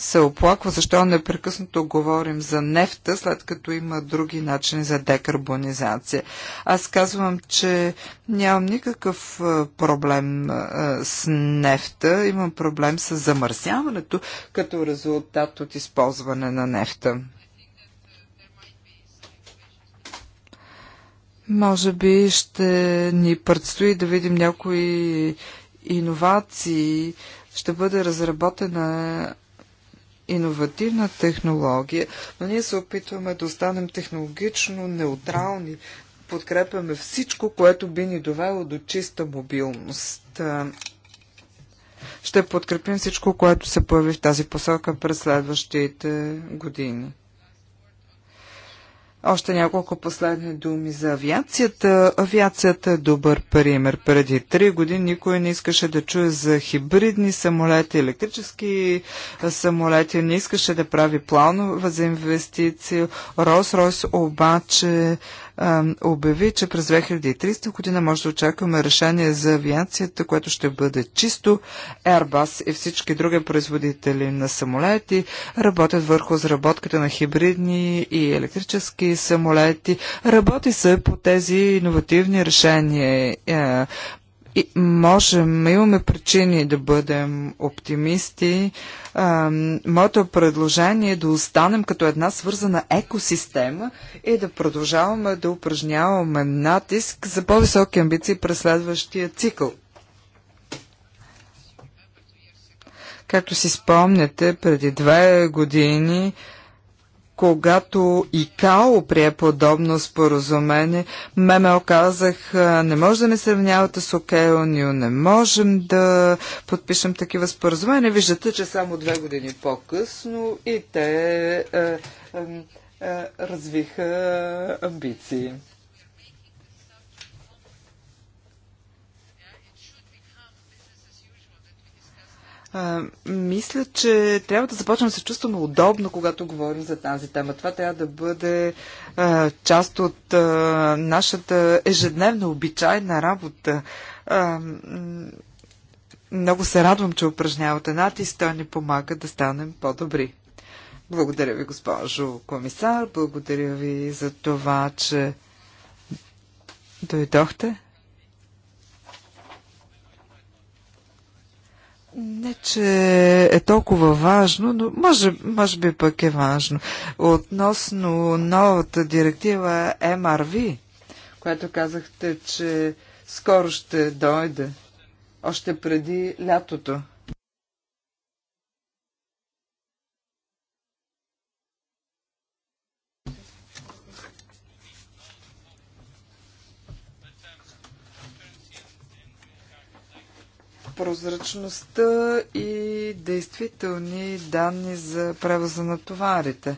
се оплаква защо непрекъснато говорим за нефта, след като има други начини за декарбонизация. Аз казвам, че нямам никакъв проблем с нефта, имам проблем с замърсяването като резултат от използване на нефта. Може би ще ни предстои да видим някои иновации. Ще бъде разработена иновативна технология, но ние се опитваме да останем технологично неутрални. Подкрепяме всичко, което би ни довело до чиста мобилност. Ще подкрепим всичко, което се появи в тази посока през следващите години. Още няколко последни думи за авиацията. Авиацията е добър пример. Преди три години никой не искаше да чуе за хибридни самолети, електрически самолети, не искаше да прави планове за инвестиции. Рос-Ройс обаче обяви, че през 2030 година може да очакваме решение за авиацията, което ще бъде чисто. Airbus и всички други производители на самолети работят върху разработката на хибридни и електрически самолети. Работи се по тези иновативни решения. Е, и можем, имаме причини да бъдем оптимисти. моето предложение е да останем като една свързана екосистема и да продължаваме да упражняваме натиск за по-високи амбиции през следващия цикъл. Както си спомняте, преди две години когато ИКАО прие подобно споразумение, ме оказах не може да ми сравнявате с ОКЕО, ние не можем да подпишем такива споразумения. Виждате, че само две години по-късно и те е, е, е, развиха амбиции. А, мисля, че трябва да започнем да се чувстваме удобно, когато говорим за тази тема. Това трябва да бъде а, част от а, нашата ежедневна, обичайна работа. А, много се радвам, че упражнявате натиск. Той ни помага да станем по-добри. Благодаря ви, госпожо комисар. Благодаря ви за това, че дойдохте. Не, че е толкова важно, но може, може би пък е важно. Относно новата директива MRV, която казахте, че скоро ще дойде, още преди лятото. прозрачността и действителни данни за превоза на товарите.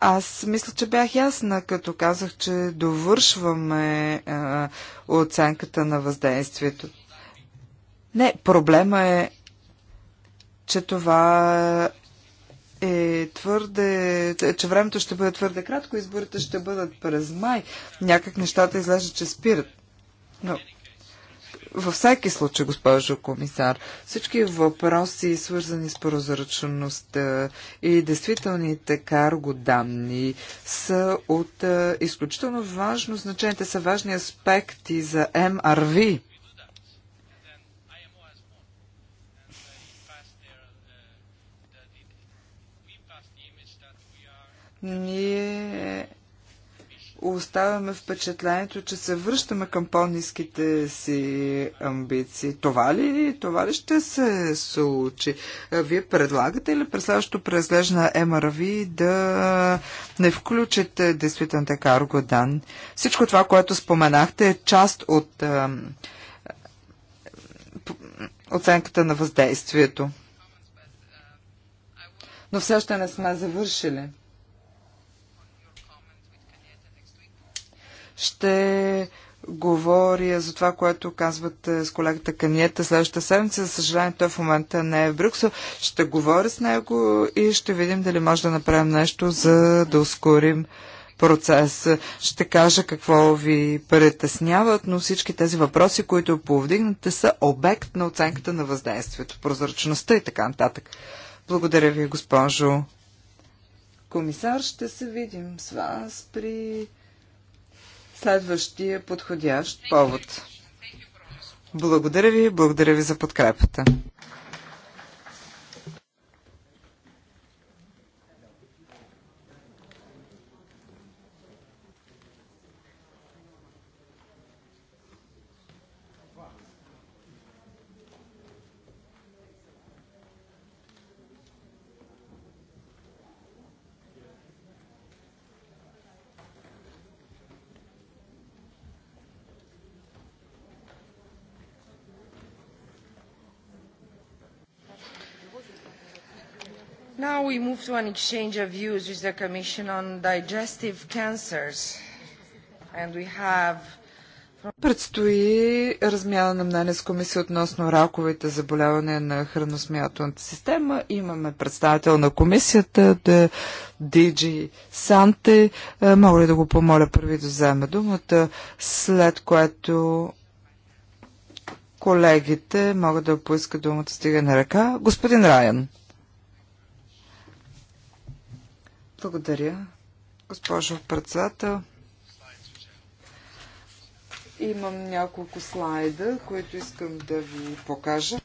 Аз мисля, че бях ясна, като казах, че довършваме а, оценката на въздействието. Не, проблема е, че това е твърде, че времето ще бъде твърде кратко, изборите ще бъдат през май. Някак нещата излежат, че спират. Но във всеки случай, госпожо комисар, всички въпроси, свързани с прозрачността и действителните карго данни, са от е, изключително важно значение. Те са важни аспекти за МРВ. Ние оставяме впечатлението, че се връщаме към по-низките си амбиции. Това ли, това ли ще се случи? Вие предлагате ли през следващото преразглеждане на МРВ да не включите действително така Аргодан? Всичко това, което споменахте, е част от оценката на въздействието. Но все още не сме завършили. Ще говоря за това, което казвате с колегата Каниета следващата седмица. За съжаление, той в момента не е в Брюксел. Ще говоря с него и ще видим дали може да направим нещо, за да ускорим процес. Ще кажа какво ви претесняват, но всички тези въпроси, които повдигнате, са обект на оценката на въздействието, прозрачността и така нататък. Благодаря ви, госпожо комисар. Ще се видим с вас при следващия подходящ повод. Благодаря ви, благодаря ви за подкрепата.
we move to an exchange of views with the Commission on Digestive Cancers. And we
have Предстои размяна на мнение с комисия относно раковите заболявания на храносмиятелната система. Имаме представител на комисията, да Диджи Санте. Е, мога ли да го помоля първи да вземе думата, след което колегите могат да поискат думата стига на ръка. Господин Райан. Благодаря, госпожо председател. Имам няколко слайда, които искам да ви покажа.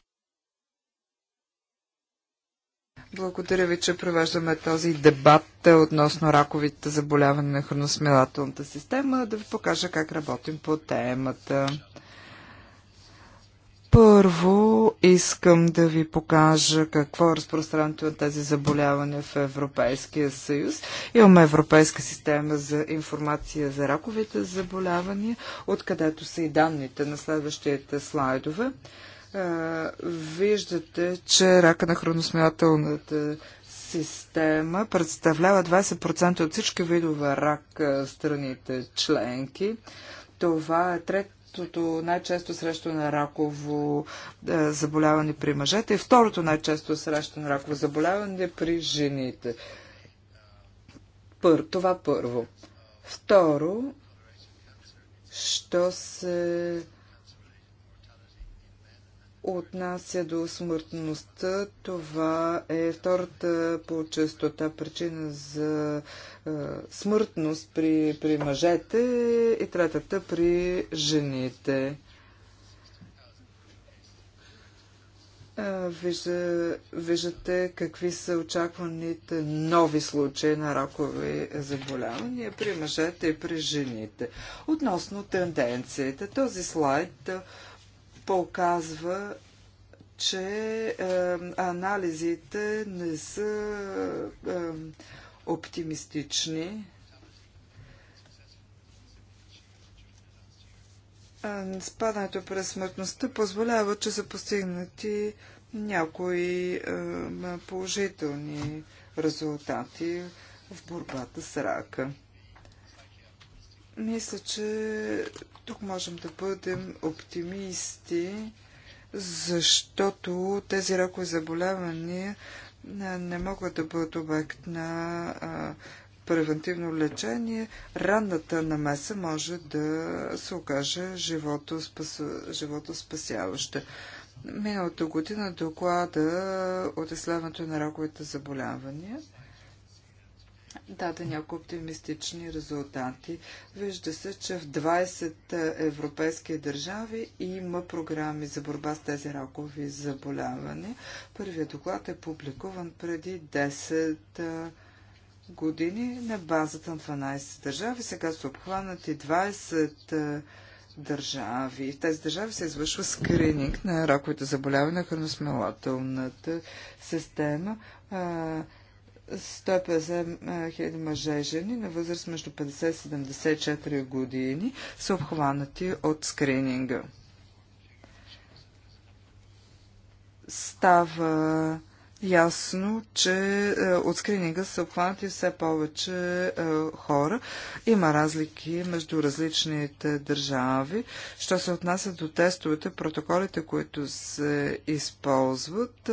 Благодаря ви, че провеждаме този дебат относно раковите заболявания на храносмилателната система. Да ви покажа как работим по темата. Първо искам да ви покажа какво е разпространението на тези заболявания в Европейския съюз. Имаме Европейска система за информация за раковите заболявания, откъдето са и данните на следващите слайдове. Виждате, че рака на храносмилателната система представлява 20% от всички видове рак в страните членки. Това е трет Първото най-често на раково е, заболяване при мъжете и второто най-често на раково заболяване при жените. Пър, това първо. Второ, що се отнася до смъртността, това е втората по частота причина за е, смъртност при, при мъжете и третата при жените. Е, вижда, виждате какви са очакваните нови случаи на ракови заболявания при мъжете и при жените. Относно тенденциите, този слайд е, показва, че е, анализите не са е, оптимистични. Е, спадането през смъртността позволява, че са постигнати някои е, положителни резултати в борбата с рака. Мисля, че тук можем да бъдем оптимисти, защото тези ракови заболявания не могат да бъдат обект на превентивно лечение, ранната намеса може да се окаже живото, живото спасяваща. Миналата година доклада от изследването на раковите заболявания даде някои оптимистични резултати. Вижда се, че в 20 е, европейски държави има програми за борба с тези ракови заболявания. Първият доклад е публикуван преди 10 е, години на базата на 12 държави. Сега са обхванати 20 е, държави. В тези държави се извършва скрининг на раковите заболявания на храносмилателната система 150 е, хиляди мъже и жени на възраст между 50 и 74 години са обхванати от скрининга. Става ясно, че е, от скрининга са обхванати все повече е, хора. Има разлики между различните държави. Що се отнася до тестовете, протоколите, които се използват,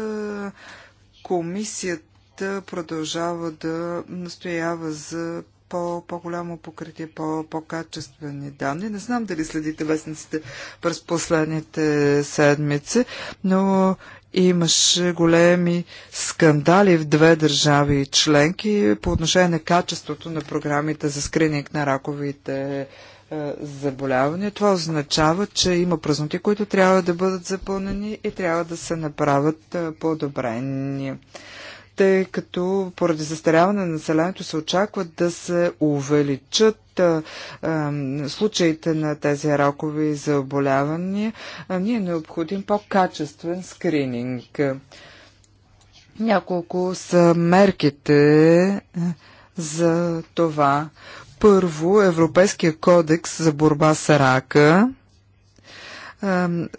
комисията да продължава да настоява за по-голямо -по покритие, по-качествени -по данни. Не знам дали следите вестниците през последните седмици, но имаше големи скандали в две държави членки по отношение на качеството на програмите за скрининг на раковите е, заболявания. Това означава, че има празноти, които трябва да бъдат запълнени и трябва да се направят е, подобрения тъй като поради застаряване на населението се очаква да се увеличат случаите на тези ракови заболявания, ни ние е необходим по-качествен скрининг. Няколко са мерките за това. Първо, Европейския кодекс за борба с рака –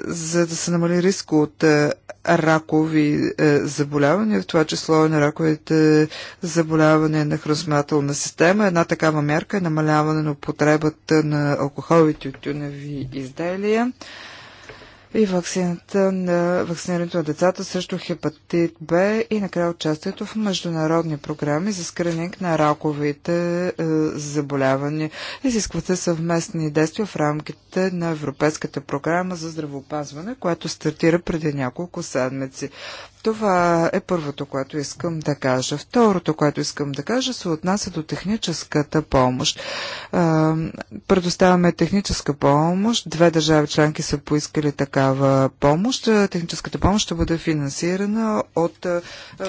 за да се намали риск от е, ракови е, заболявания, в това число и на раковите заболявания на хрозмателна система. Една такава мярка е намаляване на употребата на алкохолите от тюневи изделия и вакцината на вакцинирането на децата срещу хепатит Б и накрая участието в международни програми за скрининг на раковите е, заболявания. Изискват се съвместни действия в рамките на Европейската програма за здравеопазване, която стартира преди няколко седмици. Това е първото, което искам да кажа. Второто, което искам да кажа, се отнася до техническата помощ. Предоставяме техническа помощ. Две държави членки са поискали такава помощ. Техническата помощ ще бъде финансирана от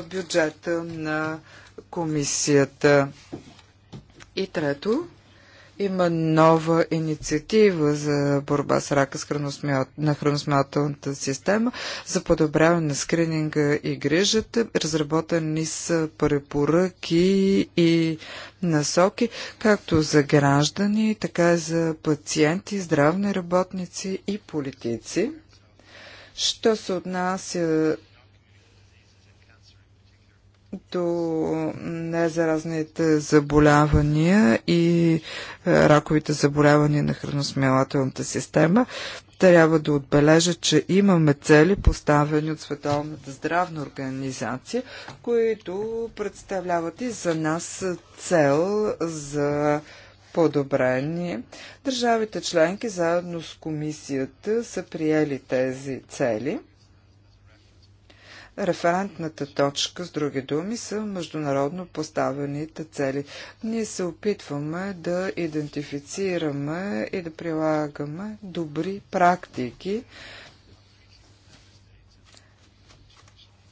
бюджета на комисията. И трето, има нова инициатива за борба с рака с храносмя... на храносмяталната система за подобряване на скрининга и грижата. Разработени са препоръки и насоки, както за граждани, така и за пациенти, здравни работници и политици. Що се отнася до незаразните заболявания и е, раковите заболявания на храносмилателната система, трябва да отбележа, че имаме цели поставени от Световната здравна организация, които представляват и за нас цел за подобрение. Държавите членки заедно с комисията са приели тези цели. Референтната точка, с други думи, са международно поставените цели. Ние се опитваме да идентифицираме и да прилагаме добри практики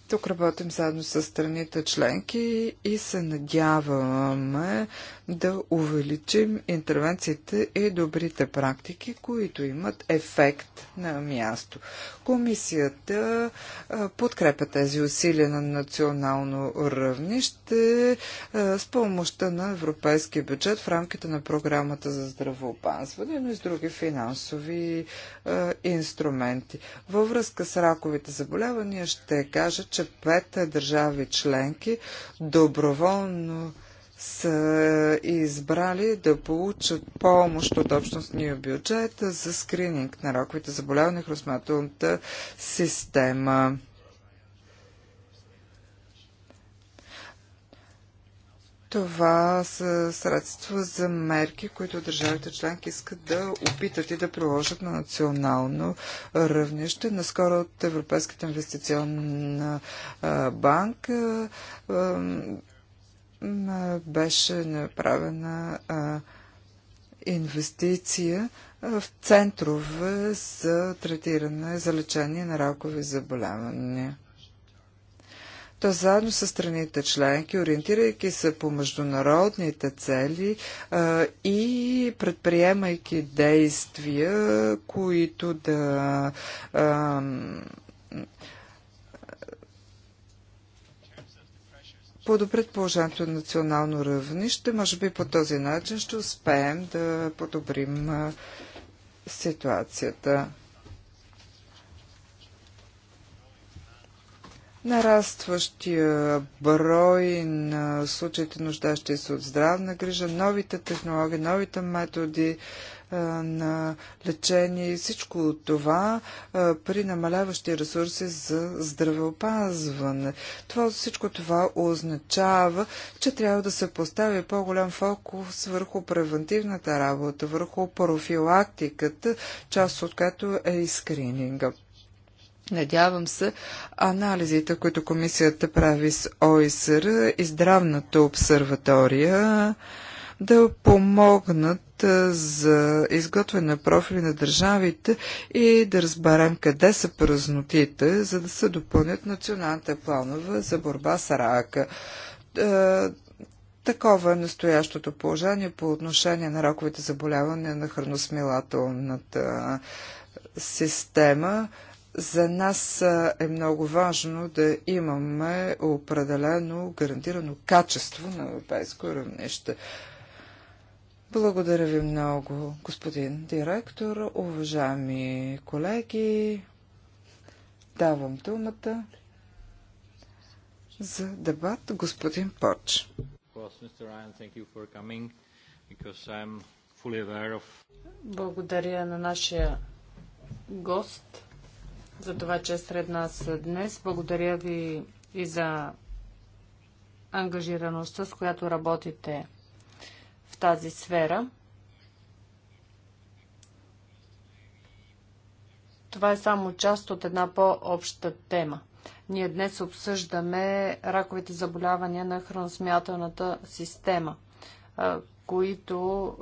Тук работим заедно с страните членки и се надяваме да увеличим интервенциите и добрите практики, които имат ефект на място. Комисията подкрепя тези усилия на национално равнище с помощта на европейския бюджет в рамките на програмата за здравоопазване, но и с други финансови инструменти. Във връзка с раковите заболявания ще кажа, че пета държави членки доброволно са избрали да получат помощ от общностния бюджет за скрининг на раковите заболявания в храносмилателната система. Това са средства за мерки, които държавите членки искат да опитат и да приложат на национално равнище. Наскоро от Европейската инвестиционна банка беше направена инвестиция в центрове за третиране, за лечение на ракови заболявания то заедно с страните членки, ориентирайки се по международните цели а, и предприемайки действия, които да а, подобрят положението на национално равнище. Може би по този начин ще успеем да подобрим ситуацията. нарастващия брой на случаите нуждащи се от здравна грижа, новите технологии, новите методи е, на лечение и всичко от това е, при намаляващи ресурси за здравеопазване. Това, всичко това означава, че трябва да се постави по-голям фокус върху превентивната работа, върху профилактиката, част от като е и скрининга. Надявам се, анализите, които комисията прави с ОИСР и здравната обсерватория да помогнат за изготвяне на профили на държавите и да разберем къде са празнотите, за да се допълнят националните планове за борба с рака. Такова е настоящото положение по отношение на раковите заболявания на храносмилателната система. За нас е много важно да имаме определено гарантирано качество на европейско равнище. Благодаря ви много, господин директор, уважаеми колеги. Давам думата за дебат господин Поч.
Благодаря на нашия гост за това, че е сред нас днес. Благодаря ви и за ангажираността, с която работите в тази сфера. Това е само част от една по-обща тема. Ние днес обсъждаме раковите заболявания на храносмятелната система, които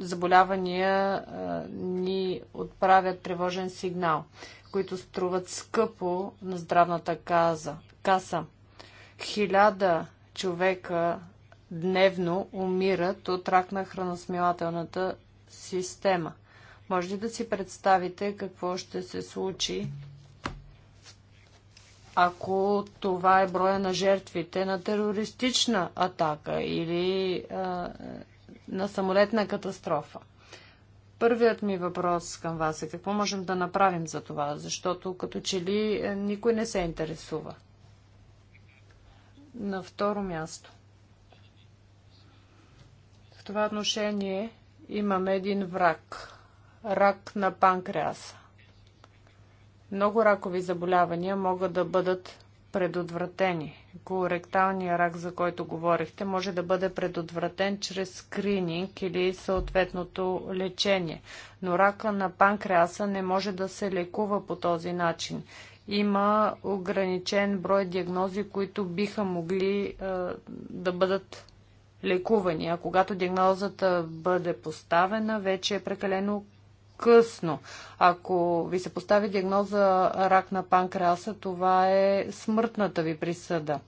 заболявания ни отправят тревожен сигнал, които струват скъпо на здравната каза, каса. Хиляда човека дневно умират от рак на храносмилателната система. Може ли да си представите какво ще се случи, ако това е броя на жертвите на терористична атака или а, на самолетна катастрофа. Първият ми въпрос към вас е какво можем да направим за това, защото като че ли е, никой не се интересува. На второ място. В това отношение имаме един враг. Рак на панкреаса. Много ракови заболявания могат да бъдат предотвратени. Колоректалният рак, за който говорихте, може да бъде предотвратен чрез скрининг или съответното лечение. Но рака на панкреаса не може да се лекува по този начин. Има ограничен брой диагнози, които биха могли е, да бъдат лекувани. А когато диагнозата бъде поставена, вече е прекалено късно. Ако ви се постави диагноза рак на панкреаса, това е смъртната ви присъда.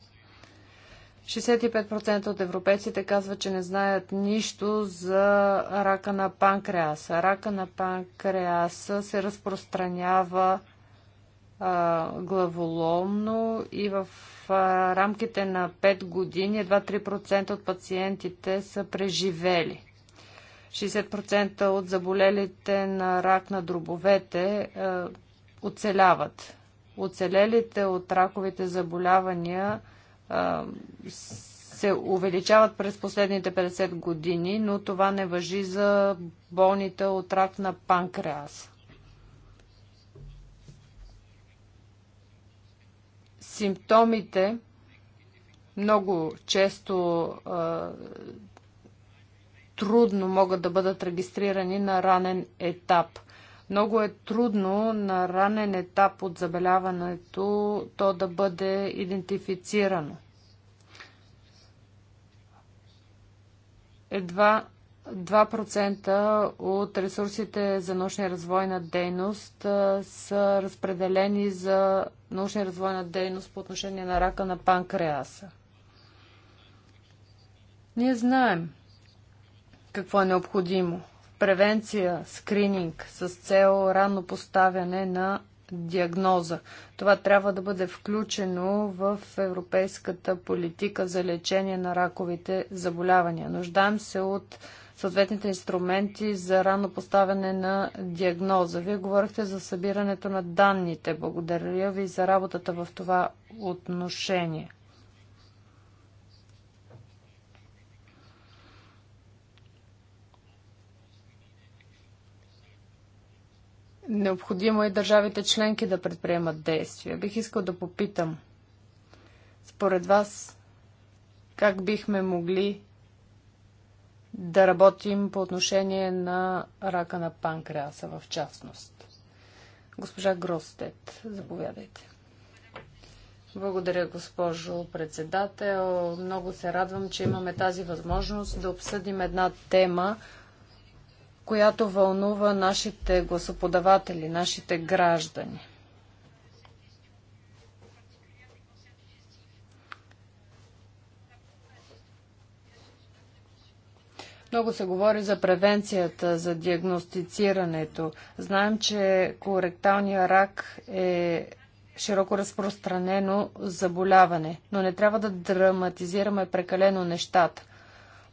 65% от европейците казват, че не знаят нищо за рака на панкреаса. Рака на панкреаса се разпространява а, главоломно и в а, рамките на 5 години едва 3% от пациентите са преживели. 60% от заболелите на рак на дробовете е, оцеляват. Оцелелите от раковите заболявания е, се увеличават през последните 50 години, но това не въжи за болните от рак на панкреас. Симптомите много често е, трудно могат да бъдат регистрирани на ранен етап. Много е трудно на ранен етап от забеляването то да бъде идентифицирано. Едва 2% от ресурсите за научна и развойна дейност са разпределени за научна и развойна дейност по отношение на рака на панкреаса. Ние знаем, какво е необходимо. Превенция, скрининг с цел ранно поставяне на диагноза. Това трябва да бъде включено в европейската политика за лечение на раковите заболявания. Нуждаем се от съответните инструменти за рано поставяне на диагноза. Вие говорихте за събирането на данните. Благодаря ви за работата в това отношение. Необходимо е държавите членки да предприемат действия. Бих искал да попитам, според вас, как бихме могли да работим по отношение на рака на панкреаса в частност? Госпожа Гростет, заповядайте. Благодаря, госпожо председател. Много се радвам, че имаме тази възможност да обсъдим една тема, която вълнува нашите гласоподаватели, нашите граждани. Много се говори за превенцията, за диагностицирането. Знаем, че коректалния рак е широко разпространено заболяване, но не трябва да драматизираме прекалено нещата.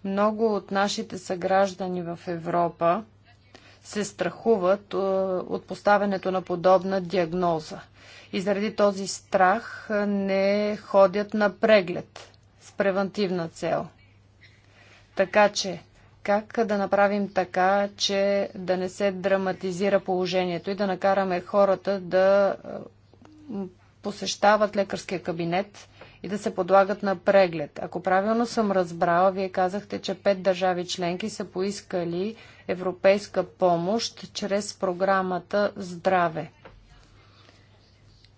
Много от нашите съграждани в Европа се страхуват е, от поставянето на подобна диагноза. И заради този страх е, не ходят на преглед с превентивна цел. Така че, как да направим така, че да не се драматизира положението и да накараме хората да е, посещават лекарския кабинет и да се подлагат на преглед. Ако правилно съм разбрала, вие казахте, че пет държави членки са поискали европейска помощ чрез програмата Здраве.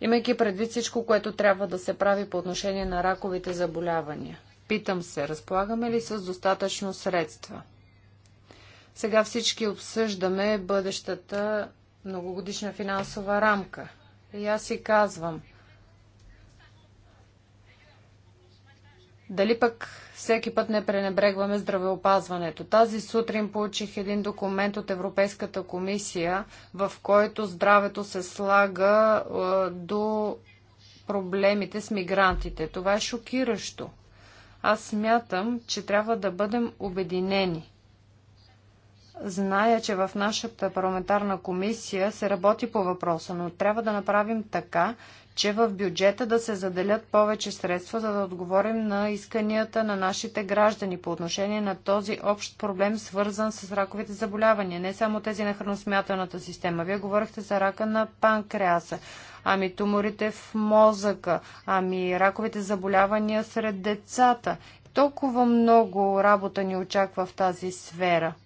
Имайки предвид всичко, което трябва да се прави по отношение на раковите заболявания. Питам се, разполагаме ли с достатъчно средства? Сега всички обсъждаме бъдещата многогодишна финансова рамка. И аз си казвам, Дали пък всеки път не пренебрегваме здравеопазването? Тази сутрин получих един документ от Европейската комисия, в който здравето се слага е, до проблемите с мигрантите. Това е шокиращо. Аз смятам, че трябва да бъдем обединени. Зная, че в нашата парламентарна комисия се работи по въпроса, но трябва да направим така, че в бюджета да се заделят повече средства, за да отговорим на исканията на нашите граждани по отношение на този общ проблем, свързан с раковите заболявания. Не само тези на храносмятаната система. Вие говорихте за рака на панкреаса, ами туморите в мозъка, ами раковите заболявания сред децата. Толкова много работа ни очаква в тази сфера –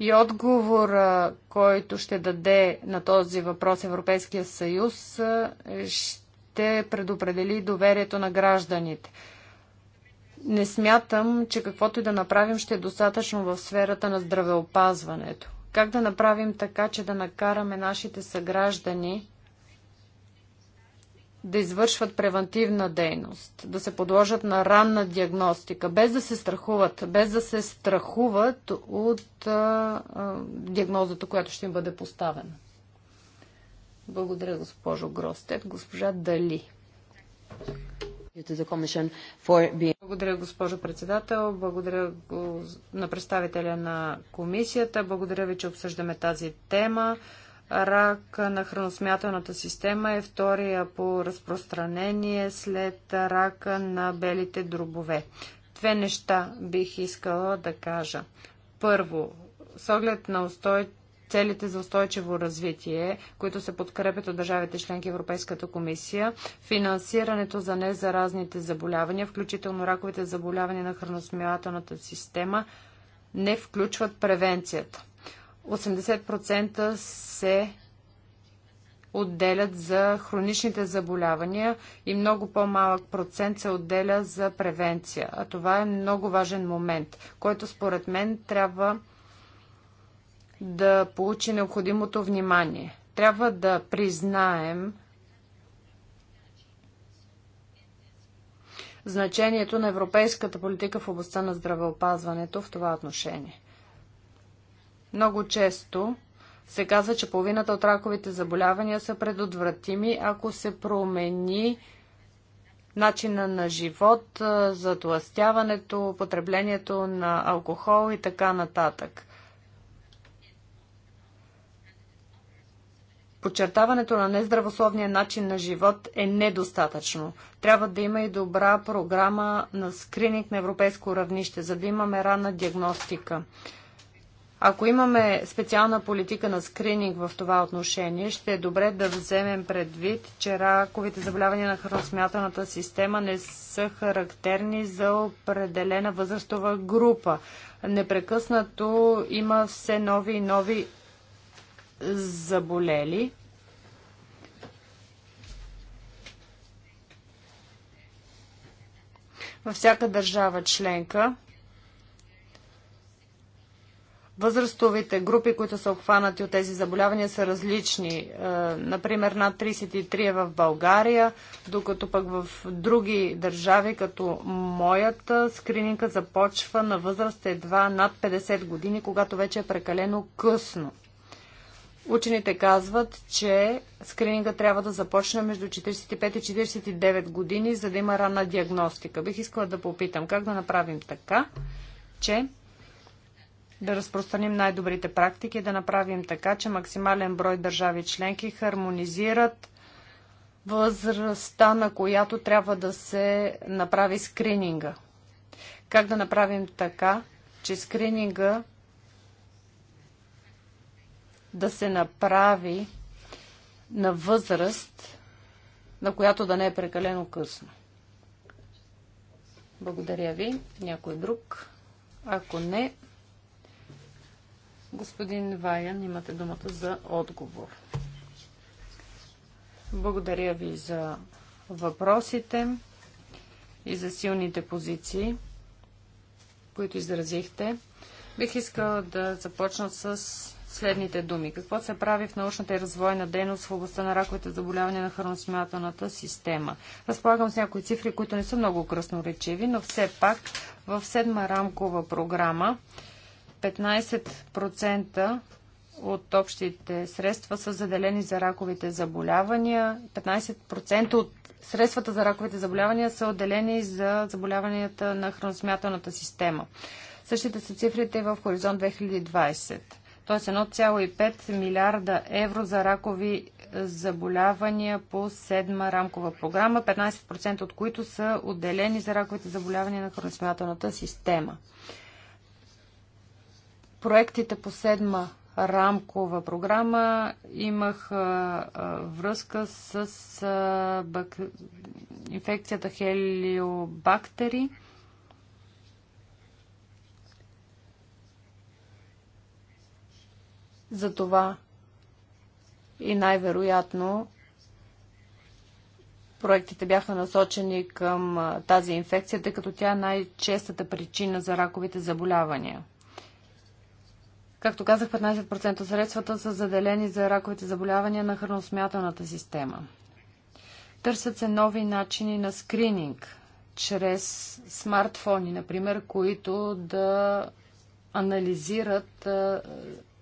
И отговора, който ще даде на този въпрос Европейския съюз, е, ще предопредели доверието на гражданите. Не смятам, че каквото и да направим ще е достатъчно в сферата на здравеопазването. Как да направим така, че да накараме нашите съграждани да извършват превентивна дейност, да се подложат на ранна диагностика, без да се страхуват, без да се страхуват от а, а, диагнозата, която ще им бъде поставена. Благодаря, госпожо Гростет. Госпожа Дали. Благодаря, госпожо председател. Благодаря на представителя на комисията. Благодаря ви, че обсъждаме тази тема. Рак на храносмяталната система е втория по разпространение след рака на белите дробове. Две неща бих искала да кажа. Първо, с оглед на устой... целите за устойчиво развитие, които се подкрепят от държавите членки Европейската комисия, финансирането за незаразните заболявания, включително раковите заболявания на храносмилателната система, не включват превенцията. 80% се отделят за хроничните заболявания и много по-малък процент се отделя за превенция. А това е много важен момент, който според мен трябва да получи необходимото внимание. Трябва да признаем значението на европейската политика в областта на здравеопазването в това отношение. Много често се казва, че половината от раковите заболявания са предотвратими, ако се промени начина на живот, затластяването, потреблението на алкохол и така нататък. Подчертаването на нездравословния начин на живот е недостатъчно. Трябва да има и добра програма на скрининг на европейско равнище, за да имаме ранна диагностика. Ако имаме специална политика на скрининг в това отношение, ще е добре да вземем предвид, че раковите заболявания на храносмятаната система не са характерни за определена възрастова група. Непрекъснато има все нови и нови заболели. Във всяка държава членка Възрастовите групи, които са обхванати от тези заболявания, са различни. Е, например, над 33 е в България, докато пък в други държави, като моята, скрининка започва на възраст едва над 50 години, когато вече е прекалено късно. Учените казват, че скрининга трябва да започне между 45 и 49 години, за да има ранна диагностика. Бих искала да попитам как да направим така, че да разпространим най-добрите практики, да направим така, че максимален брой държави членки хармонизират възрастта, на която трябва да се направи скрининга. Как да направим така, че скрининга да се направи на възраст, на която да не е прекалено късно. Благодаря ви. Някой друг? Ако не, Господин Ваян, имате думата за отговор. Благодаря ви за въпросите и за силните позиции, които изразихте. Бих искала да започна с следните думи. Какво се прави в научната и развойна дейност в областта на раковите заболявания на храносмилателната система? Разполагам с някои цифри, които не са много кръсноречиви, но все пак в седма рамкова програма 15% от общите средства са заделени за раковите заболявания. 15% от средствата за раковите заболявания са отделени за заболяванията на храносмятаната система. Същите са цифрите в Хоризонт 2020. Тоест 1,5 милиарда евро за ракови заболявания по седма рамкова програма, 15% от които са отделени за раковите заболявания на храносмятаната система проектите по седма рамкова програма имах а, а, връзка с а, бак... инфекцията хелиобактери. Затова и най-вероятно проектите бяха насочени към тази инфекция, тъй като тя е най-честата причина за раковите заболявания. Както казах, 15% от средствата са заделени за раковите заболявания на храносмятаната система. Търсят се нови начини на скрининг чрез смартфони, например, които да анализират а,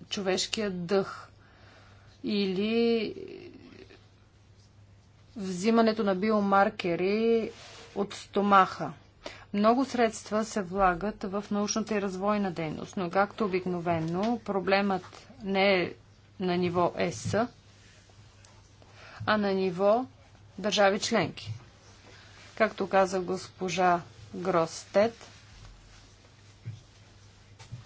човешкия дъх или взимането на биомаркери от стомаха. Много средства се влагат в научната и развойна дейност, но както обикновено проблемът не е на ниво ЕС, а на ниво държави членки. Както каза госпожа Гростет,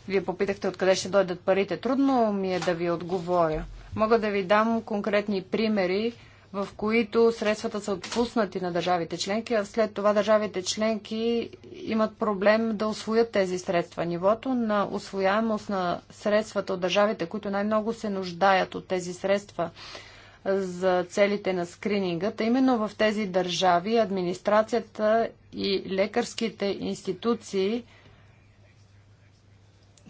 вие попитахте откъде ще дойдат парите. Трудно ми е да ви отговоря. Мога да ви дам конкретни примери в които средствата са отпуснати на държавите членки, а след това държавите членки имат проблем да освоят тези средства. Нивото на освояемост на средствата от държавите, които най-много се нуждаят от тези средства за целите на скринингата, именно в тези държави администрацията и лекарските институции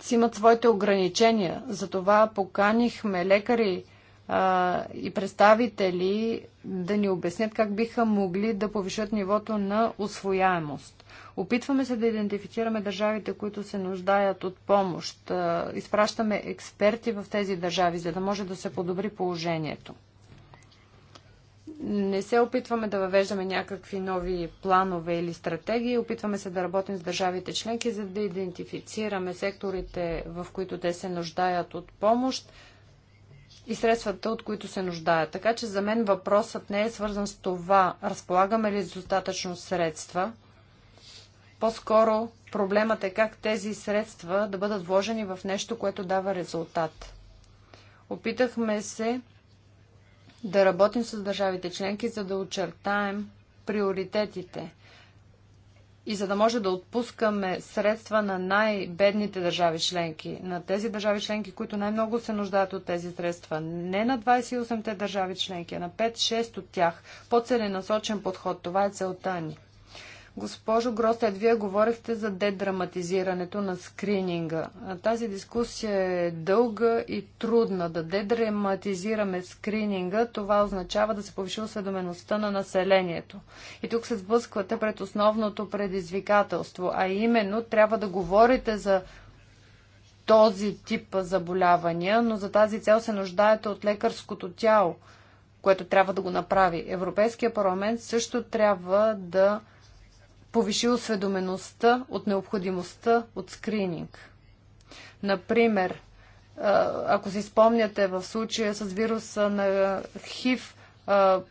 си имат своите ограничения. Затова поканихме лекари, а, и представители да ни обяснят как биха могли да повишат нивото на освояемост. Опитваме се да идентифицираме държавите, които се нуждаят от помощ. А, изпращаме експерти в тези държави, за да може да се подобри положението. Не се опитваме да въвеждаме някакви нови планове или стратегии. Опитваме се да работим с държавите членки, за да идентифицираме секторите, в които те се нуждаят от помощ и средствата, от които се нуждаят. Така че за мен въпросът не е свързан с това, разполагаме ли с достатъчно средства. По-скоро проблемът е как тези средства да бъдат вложени в нещо, което дава резултат. Опитахме се да работим с държавите членки, за да очертаем приоритетите – и за да може да отпускаме средства на най-бедните държави членки, на тези държави членки, които най-много се нуждаят от тези средства. Не на 28-те държави членки, а на 5-6 от тях. По-целенасочен подход. Това е целта ни. Госпожо Гростет, вие говорихте за дедраматизирането на скрининга. Тази дискусия е дълга и трудна. Да дедраматизираме скрининга, това означава да се повиши осведомеността на населението. И тук се сблъсквате пред основното предизвикателство, а именно трябва да говорите за този тип заболявания, но за тази цел се нуждаете от лекарското тяло, което трябва да го направи. Европейския парламент също трябва да повиши осведомеността от необходимостта от скрининг. Например, ако си спомняте в случая с вируса на ХИВ,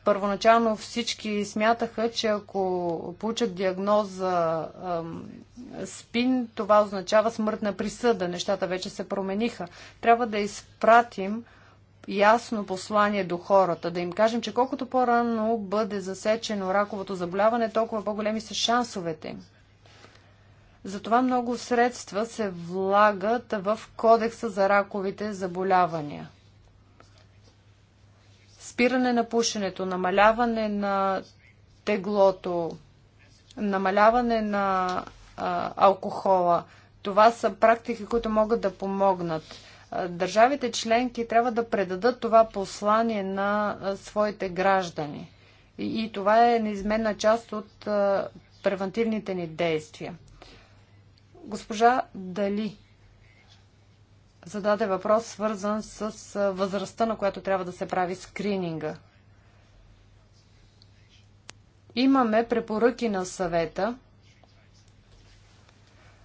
първоначално всички смятаха, че ако получат диагноза спин, това означава смъртна присъда. Нещата вече се промениха. Трябва да изпратим ясно послание до хората, да им кажем, че колкото по-рано бъде засечено раковото заболяване, толкова по-големи са шансовете им. Затова много средства се влагат в кодекса за раковите заболявания. Спиране на пушенето, намаляване на теглото, намаляване на а, алкохола. Това са практики, които могат да помогнат държавите членки трябва да предадат това послание на своите граждани. И, това е неизменна част от превентивните ни действия. Госпожа Дали зададе въпрос, свързан с възрастта, на която трябва да се прави скрининга. Имаме препоръки на съвета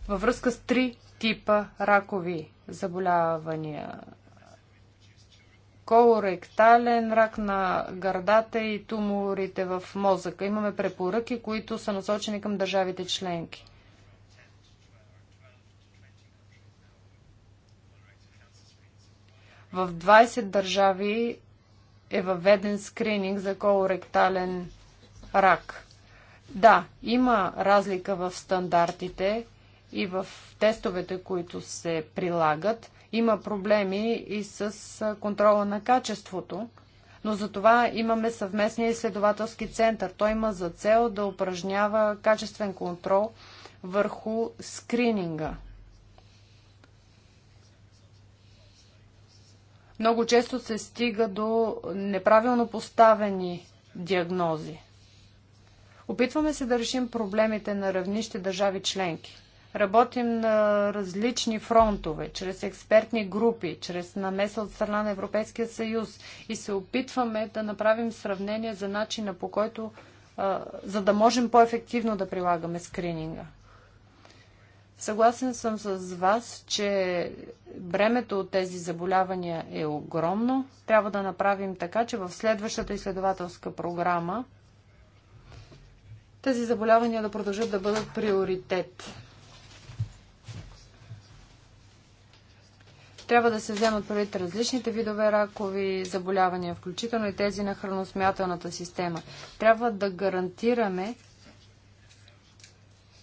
във връзка с три типа ракови заболявания. Колоректален рак на гърдата и туморите в мозъка. Имаме препоръки, които са насочени към държавите членки. В 20 държави е въведен скрининг за колоректален рак. Да, има разлика в стандартите и в тестовете, които се прилагат. Има проблеми и с контрола на качеството, но за това имаме съвместния изследователски център. Той има за цел да упражнява качествен контрол върху скрининга. Много често се стига до неправилно поставени диагнози. Опитваме се да решим проблемите на равнище държави членки. Работим на различни фронтове, чрез експертни групи, чрез намеса от страна на Европейския съюз и се опитваме да направим сравнение за начина по който, за да можем по-ефективно да прилагаме скрининга. Съгласен съм с вас, че бремето от тези заболявания е огромно. Трябва да направим така, че в следващата изследователска програма тези заболявания да продължат да бъдат приоритет. Трябва да се вземат предвид различните видове ракови заболявания, включително и тези на храносмятаната система. Трябва да гарантираме,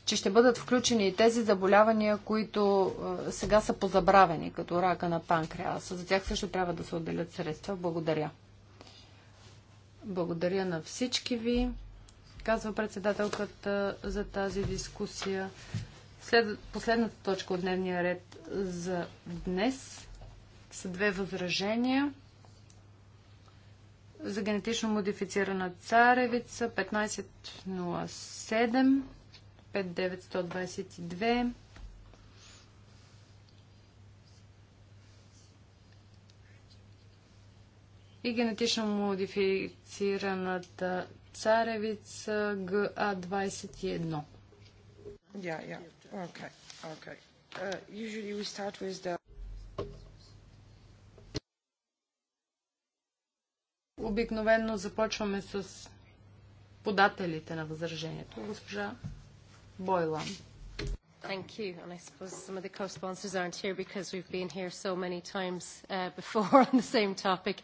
че ще бъдат включени и тези заболявания, които е, сега са позабравени, като рака на панкреаса. За тях също трябва да се отделят средства. Благодаря. Благодаря на всички ви, казва председателката за тази дискусия. След, последната точка от дневния ред за днес са две възражения за генетично модифицирана царевица 1507 59122 и генетично модифицираната царевица ГА21. Yeah, yeah. Okay, okay. Uh, usually we start with the... Обикновено започваме с подателите на възражението. Госпожа Бойлан. Thank you. And I suppose some of the co-sponsors aren't here because we've been here so many times uh, before on the same topic.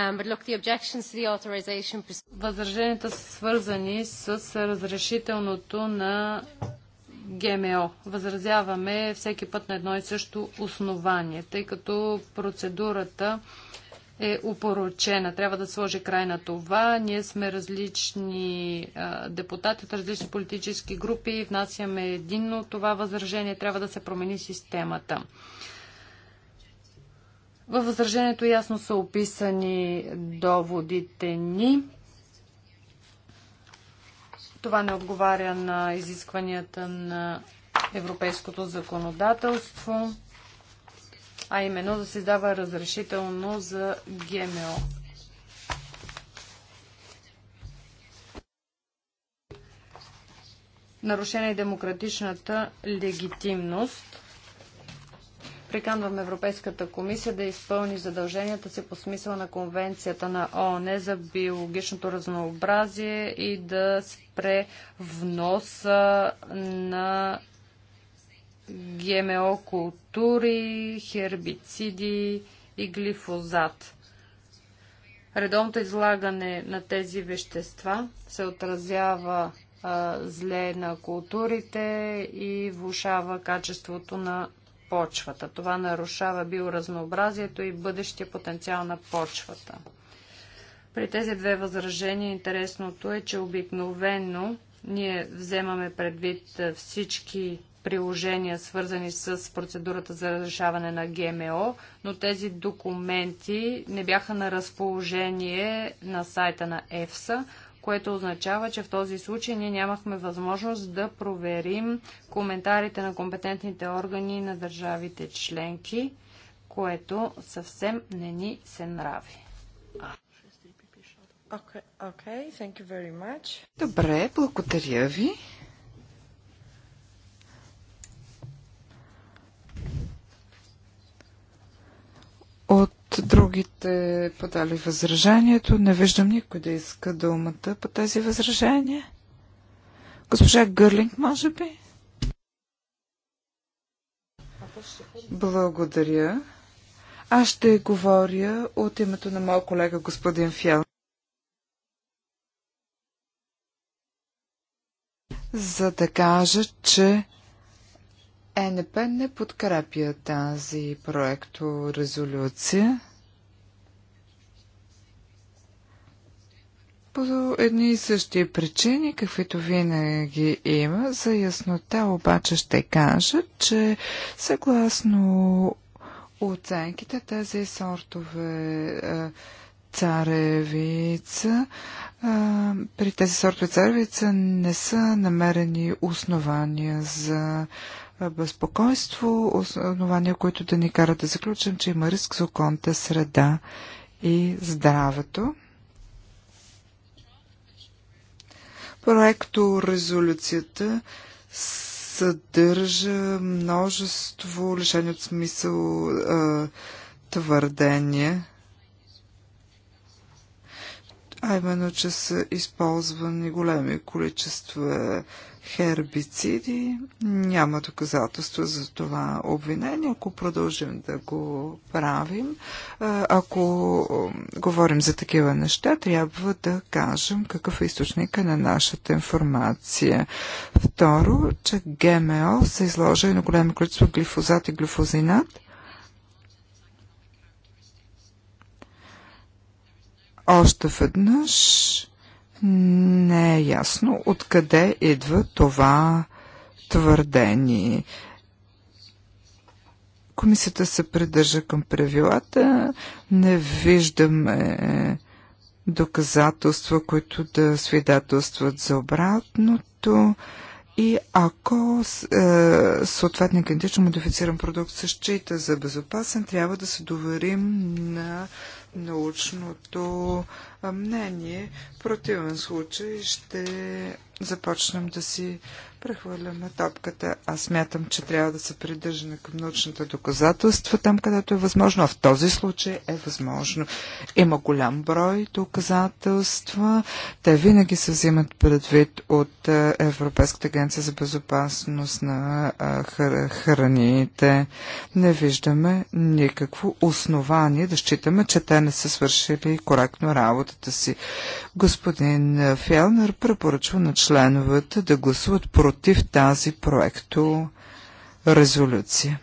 Um, but look, the objections to the authorization... Възраженията са свързани с разрешителното на ГМО. Възразяваме всеки път на едно и също основание, тъй като процедурата е упоручена. Трябва да сложи край на това. Ние сме различни депутати от различни политически групи. Внасяме единно това възражение. Трябва да се промени системата. Във възражението ясно са описани доводите ни. Това не отговаря на изискванията на европейското законодателство, а именно да се дава разрешително за ГМО. Нарушена е демократичната легитимност Приканвам Европейската комисия да изпълни задълженията си по смисъла на Конвенцията на ООН за биологичното разнообразие и да спре вноса на ГМО култури, хербициди и глифозат. Редовното излагане на тези вещества се отразява а, зле на културите и влушава качеството на почвата. Това нарушава биоразнообразието и бъдещия потенциал на почвата. При тези две възражения интересното е, че обикновено ние вземаме предвид е, всички приложения, свързани с процедурата за разрешаване на ГМО, но тези документи не бяха на разположение на сайта на ЕФСА което означава, че в този случай ние нямахме възможност да проверим коментарите на компетентните органи на държавите членки, което съвсем не ни се нрави. Okay, okay, thank you very much.
Добре, благодаря ви. От другите подали възражението. Не виждам никой да иска думата по тези възражения. Госпожа Гърлинг, може би? Благодаря. Аз ще говоря от името на моя колега господин Фиал. За да кажа, че ЕНП не подкрепя тази проекто резолюция. по едни и същи причини, каквито винаги има. За яснота обаче ще кажа, че съгласно оценките тези сортове е, царевица, е, при тези сортове царевица не са намерени основания за безпокойство, основания, които да ни карат да заключим, че има риск за околната среда и здравето. Проекто резолюцията съдържа множество лишени от смисъл а, твърдения, а именно, че са използвани големи количества хербициди. Няма доказателства за това обвинение. Ако продължим да го правим, ако говорим за такива неща, трябва да кажем какъв е източника на нашата информация. Второ, че ГМО са изложени на голямо количество глифозат и глифозинат. Още веднъж не е ясно откъде идва това твърдение. Комисията се придържа към правилата, не виждаме доказателства, които да свидателстват за обратното. И ако е, съответния генетично модифициран продукт се счита за безопасен, трябва да се доверим на научното мнение. В противен случай ще започнем да си прехвърляме топката. Аз мятам, че трябва да се придържаме към научните доказателства там, където е възможно. А в този случай е възможно. Има голям брой доказателства. Те винаги се взимат предвид от е, Европейската агенция за безопасност на е, храните. Не виждаме никакво основание да считаме, че те не са свършили коректно работата си. Господин Фелнер препоръчва на членовете да гласуват против против тази проекто резолюция.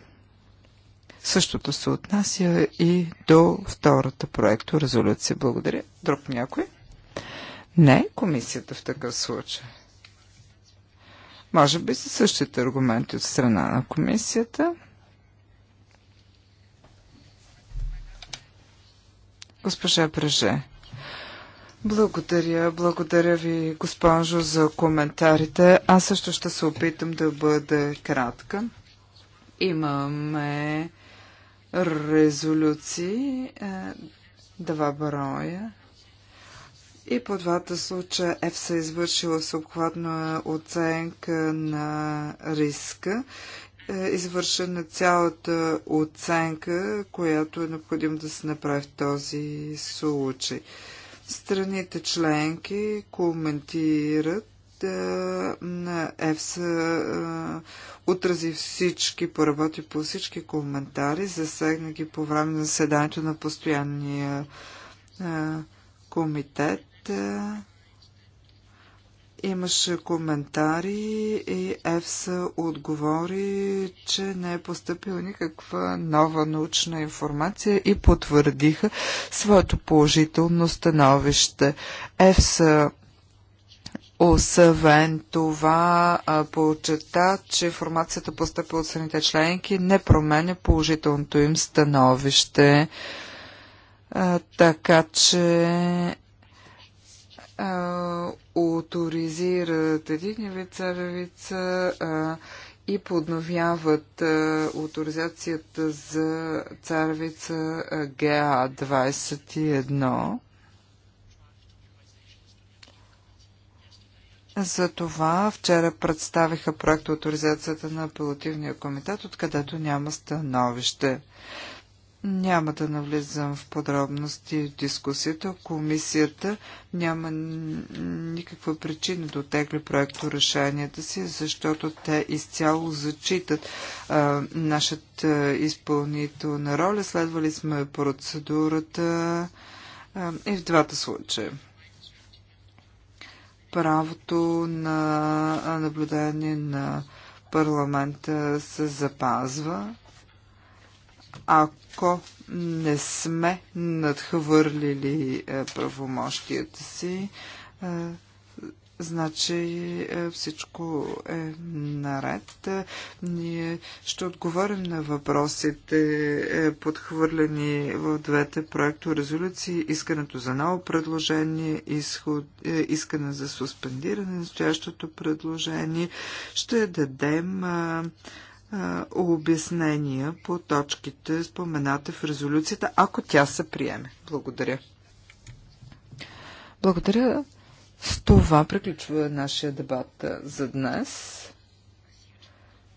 Същото се отнася и до втората проекто резолюция. Благодаря. Друг някой? Не, комисията в такъв случай. Може би са същите аргументи от страна на комисията. Госпожа Бреже. Благодаря, благодаря ви, госпожо, за коментарите. Аз също ще се опитам да бъда кратка. Имаме резолюции, е, два броя. И по двата случая ЕФСА е извършила съобхватна оценка на риска. Е, извършена цялата оценка, която е необходимо да се направи в този случай. Страните членки коментират е, на ЕФСА е, отрази всички, поработи по всички коментари, засегна ги по време на заседанието на постоянния е, комитет. Имаше коментари и ЕФСА отговори, че не е поступила никаква нова научна информация и потвърдиха своето положително становище. ЕФС освен това, почета, че информацията постъпила от страните членки не променя положителното им становище. А, така че а, авторизират един вид царевица а, и подновяват а, авторизацията за царевица ГА-21. За това вчера представиха проект авторизацията на апелативния комитет, откъдето няма становище. Няма да навлизам в подробности в дискусията. Комисията няма никаква причина да отегли проекто решенията си, защото те изцяло зачитат а, нашата изпълнителна роля. Следвали сме процедурата а, и в двата случая правото на наблюдение на парламента се запазва ако не сме надхвърлили е, правомощията си, е, значи е, всичко е наред. Ние ще отговорим на въпросите, подхвърлени в двете проекто резолюции, искането за ново предложение, изход, искане за суспендиране на настоящото предложение. Ще дадем обяснения по точките споменате в резолюцията, ако тя се приеме. Благодаря. Благодаря. С това приключва нашия дебат за днес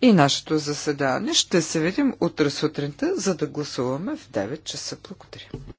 и нашето заседание. Ще се видим утре сутринта, за да гласуваме в 9 часа. Благодаря.